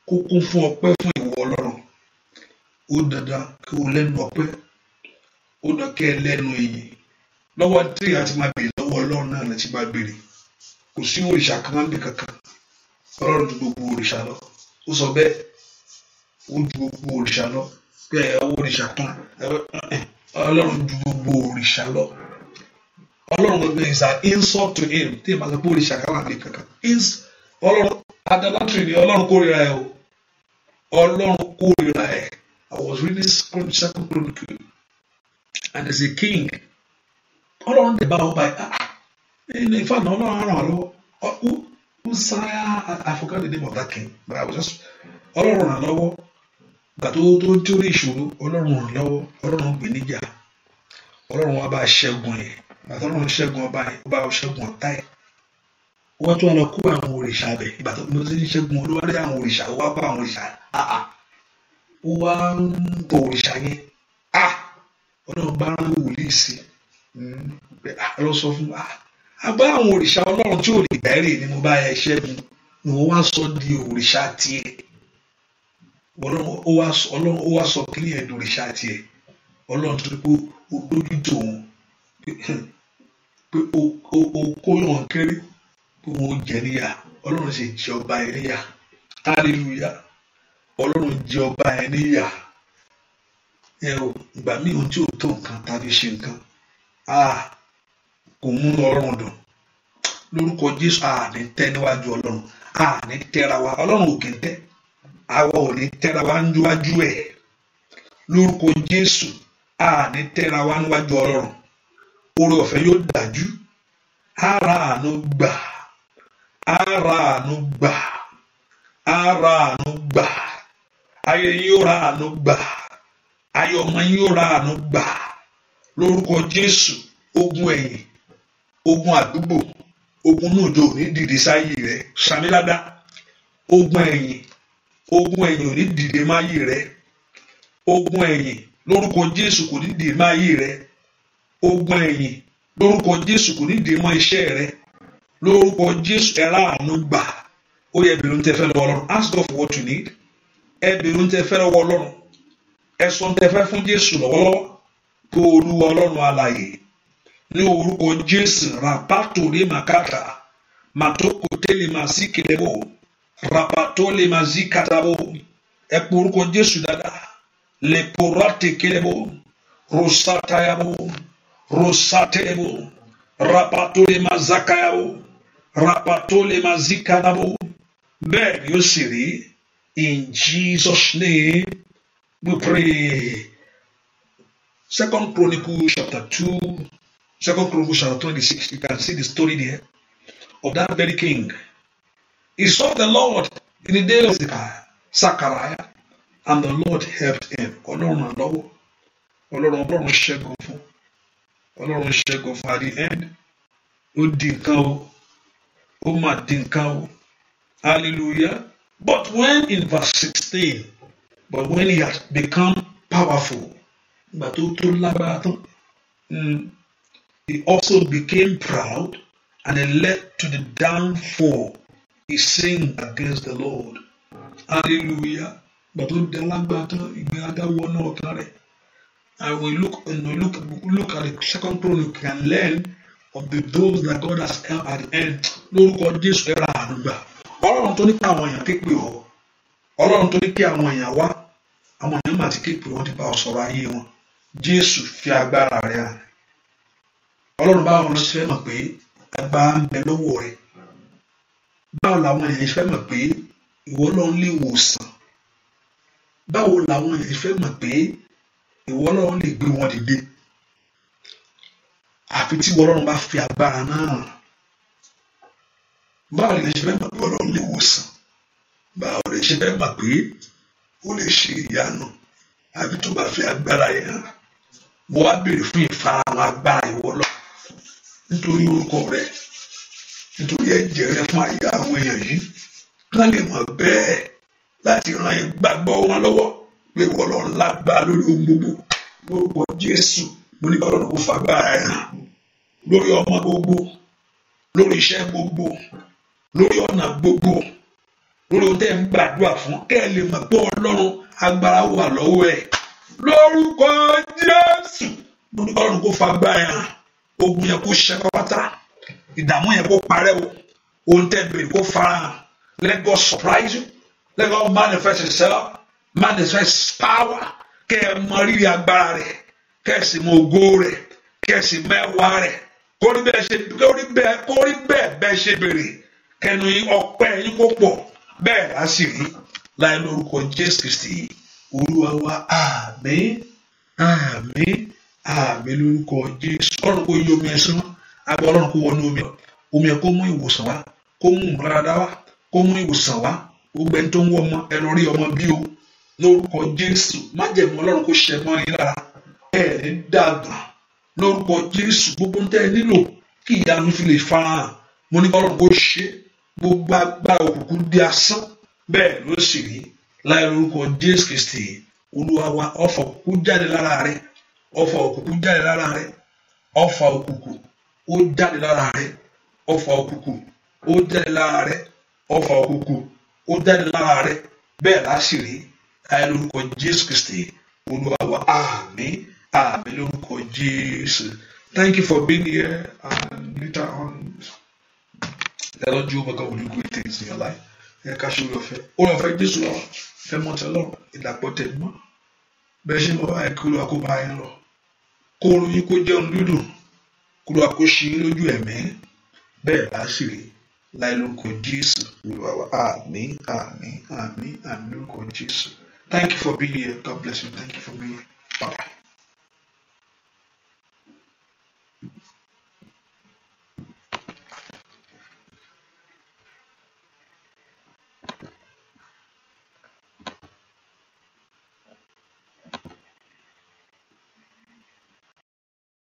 kó kún fún ọpẹ́ fún ìwọ ọlọ́run ó dandan kí o lẹ́nu ọpẹ́ ó dandan kí ẹ lẹ́nu èyí lọ́wọ́ tí a ti máa béèrè lọ́wọ́ ọlọ́run náà láti máa béèrè kò sí òrìṣà kan máa ń bè kankan ọlọ́run ju gbogbo òrìṣà lọ ó sọ bẹ́ẹ̀ ó ju gbogbo òrìṣà lọ pé ẹ̀yàwó òrìṣà kan ọlọ́run ju gbogbo òrìṣà lọ ọlọ́run gbogbo is an insult to him tí èèmà sọ pé òrìṣà kan máa ń bè kankan ọlọ́run adalátìrì ni ọlọ́run kórìíra ẹ̀ o. Ọlọ́run kórìíra ẹ̀. I was reading second chronicle and as a king Ọlọ́run dẹ̀ bá ọba ẹ̀ ah ẹni ìfà náà Ọlọ́run ràn án lọ́wọ́ uh, Uzziah I forgot the name of that king but I was just Ọlọ́run ràn án lọ́wọ́ gbà tó tó ń torí ìṣòro Ọlọ́run ràn án lọ́wọ́ Ọlọ́run gbè níjà Ọlọ́run wa bá ṣẹ́gun yẹn bàtà Ọlọ́run ṣẹ́gun ọba yẹn ọba ṣẹ́gun ọ̀tá yẹn wọ́n tún lọ kó àwọn òrìṣà bẹ̀ ìgbà tó mo ti ń ṣẹ́gun olúwarí àwọn òrìṣà wá bá àwọn òrìṣà àà ó wá ń bọ òrìṣà yẹn à ọlọ́run bá ń wòlíì sí hmm, lọ sọ fún wa àbá àwọn òrìṣà ọlọ́run tí ò lè gbẹ́rì ni mo bá ẹ ṣẹ́gun ni wọ́n wá sọ di òrìṣà tiẹ̀ ọlọ́run ó wá sọ kíní ẹ̀ dòrìṣà tiẹ̀ ọlọ́run tó hmm, kó o tòun pé o kó yàn kéré wo jẹ níyà ọlọ́run sì jẹ ọba ẹ níyà hallelujah ọlọ́run jẹ ọba ẹ níyà ẹ o ìgbà míì ohun tí ò tó nǹkan tàbí ṣe nǹkan kò mú ọrùn dùn lórúkọ jésù àní tẹ́ níwájú ọlọ́run àní tẹ́ra wa ọlọ́run ò kì í tẹ́ àwa ò ní tẹ́ra wa níwájú ẹ̀ lórúkọ jésù àní tẹ́ra wa níwájú ọlọ́run oore ọ̀fẹ́ yóò dájú ara àánú gbàá ara àánú gbà ara àánú gbà ayé yín ó ra àánú gbà ayé ọmọ yín ó ra àánú gbà lórúkọ Jésù ogun ẹ̀yìn ogun àdúgbò ogun náà jò ní dìde sáyé rẹ samilada ogun ẹ̀yìn ogun ẹ̀yìn ò ní dìde máyé rẹ ogun ẹ̀yìn lórúkọ Jésù kò ní dìde máyé rẹ ogun ẹ̀yìn lórúkọ Jésù kò ní dìde mọ́ iṣẹ́ rẹ lórúkọ Jésù ẹ̀rá àánú gbà ó yẹ bẹ̀rù tẹ fẹ́ lọ́wọ́ Ọlọ́run ask God for what you need ẹ bẹ̀rù tẹ fẹ́ lọ́wọ́ Ọlọ́run ẹ̀sùn tẹ fẹ́ fún Jésù lọ́wọ́lọ́wọ́ kó Olúwa Ọlọ́run alààyè ní orúkọ Jésù rapato lè màkàtà màtókò tẹ́lẹ̀ màá sí kẹlẹ́bọ̀ rapato lè màá sí kàtàbọ̀ ẹ pé orúkọ Jésù dáadáa lè pòrá tẹ̀kẹ́lẹ́bọ̀ rosatayabo rosatẹ́lẹ́bọ̀ rapato lè màá zakayabo rapatole mazikanabo bẹ́ẹ̀ ni ó you rí in Jesus name we pray second chronicle chapter two second chronicle chapter twenty-six you can see the story there of that very king he saw the Lord in the day of Zechariah and the Lord helped him ọlọ́run àlọ́wọ́ ọlọ́run ọlọ́run ṣẹ́gun fún ọlọ́run ṣẹ́gun fún at the end ó di nǹkan o ó mà hallelujah but when in verse sixteen but when he had become powerful ìgbà tó tó mm, he also became proud and it led to the downfall he sinned against the Lord hallelujah But tó di alágbára tán ìgbéraga and we look and we look look at the second chronicle and learn of the those that God has helped at the end lórúkọ Jésù ẹ̀rọ àdúgbà ọlọ́run tó ní kí àwọn èèyàn képe ọ ọlọ́run tó ní kí àwọn èèyàn wá àwọn èèyàn mà ti képe wọn ti bá ọ sọ̀rọ̀ ayé wọn Jésù fi agbára rẹ hàn ọlọ́run báwọn ọmọ ṣe fẹ́ mọ̀ pé agbára ń bẹ lọ́wọ́ rẹ báwo làwọn èèyàn ṣe fẹ́ mọ̀ pé ìwọ ọlọ́run lè wòsàn báwo làwọn èèyàn ṣe fẹ́ mọ̀ pé ìwọ ọlọ́run lè gbé wọn dìde àfi tí Ọlọ́run bá fi agbára náà hàn báwo lè ṣe fẹ́ mọ̀ pé Ọlọ́run lè wòsàn báwo lè ṣe fẹ́ mọ̀ pé ó lè ṣe ìyanu àfi tó bá fi agbára yẹn hàn wọ́n á béèrè fún ìfarahàn agbára ìwọ lọ nítorí orúkọ rẹ nítorí ẹ̀jẹ̀ rẹ fún àyà àwọn èèyàn yìí kán lè mọ̀ bẹ́ẹ̀ láti ran ìgbàgbọ́ wọn lọ́wọ́ pé wọ́n lọ ńlá gbà lórí ohun gbogbo lórúkọ Jésù mo ní bá lọ́nà kó fagbára ẹ̀ hàn lórí ọmọ gbogbo lórí iṣẹ́ gbogbo lórí ọ̀nà gbogbo lórí ohun tẹ́ ń gbàdúrà fún kẹ́ ẹ lè mọ̀ pé ọlọ́run agbára wà lọ́wọ́ ẹ̀ lórúkọ jésù lórí ọlọ́run kó fagbá ẹ̀ hàn ogun yẹn kó ṣẹ́ pátá ìdààmú yẹn kó parẹ́ o ohun tẹ́ bèrè kó fara hàn let God surprise you let God manifest himself manifest power kẹ́ ẹ mọ rírì agbára rẹ̀ kẹ́ ẹ sì mọ ògo rẹ̀ kẹ́ ẹ sì mọ ẹwà rẹ̀ kórí bẹ́ẹ̀ ṣe kórí bẹ́ẹ̀ kórí bẹ́ẹ̀ bẹ́ẹ̀ ṣe béèrè kẹnu ọpẹ́ yín kó pọ̀ bẹ́ẹ̀ á sì rí láì lórúkọ Jésù Kristi olúwa wa àmín àmín àmín lórúkọ Jésù ọlọ́run kò yí omi ẹ̀sán agbọ́ ọlọ́run kò wọnú omi ọ̀ omi ẹ̀ kó mú ìwòsàn wá kó mú ìmúradá wá kó mú ìwòsàn wá gbogbo ẹni tó ń wọ ọmọ ẹ lọ rí ọmọ bí o lórúkọ Jésù májẹ̀mú ọlọ́run kò ṣẹ̀ mọ́ yín lára ẹ̀ ní dàgbà lórúkọ jésù gbogbo ń tẹ́ ẹ nílò kí ìyanu fi lè farahàn mo ní kọ́lọ́run kó ṣe gbogbo agbára òkùnkùn di asán bẹ́ẹ̀ ló sì rí láì lórúkọ jésù kristi olúwa wa ọfà òkùnkùn jáde lára rẹ ọfà òkùnkùn jáde lára rẹ ọfà òkùnkùn ó jáde lára rẹ ọfà òkùnkùn ó jáde lára rẹ ọfà òkùnkùn ó jáde lára rẹ bẹ́ẹ̀ lásìrí láì lórúkọ jésù kristi olúwa wa Ah, Àmín lórúkọ Jésù. Thank you for being here and later on. The Lord Jehovah God will do great things in your life. Ẹ ká ṣe olùfẹ́. Olùfẹ́ Jésù lọ fẹ́ mọ́ tẹ́lọ̀ ìdàpọ̀ tẹ̀mọ́. Bẹ́ẹ̀ ṣe mọ́ báyìí kí olúwa kó bá yín lọ. Kó oorun yín kó jẹun dúdùn. Kó I kó ṣe yín lójú ẹ̀mí. Bẹ́ẹ̀ bá sì rí láì lórúkọ Jésù. Olúwa wa àmín àmín àmín àmín lórúkọ Jésù. Thank you for being here. God bless you. Thank you for being here. Bye bye.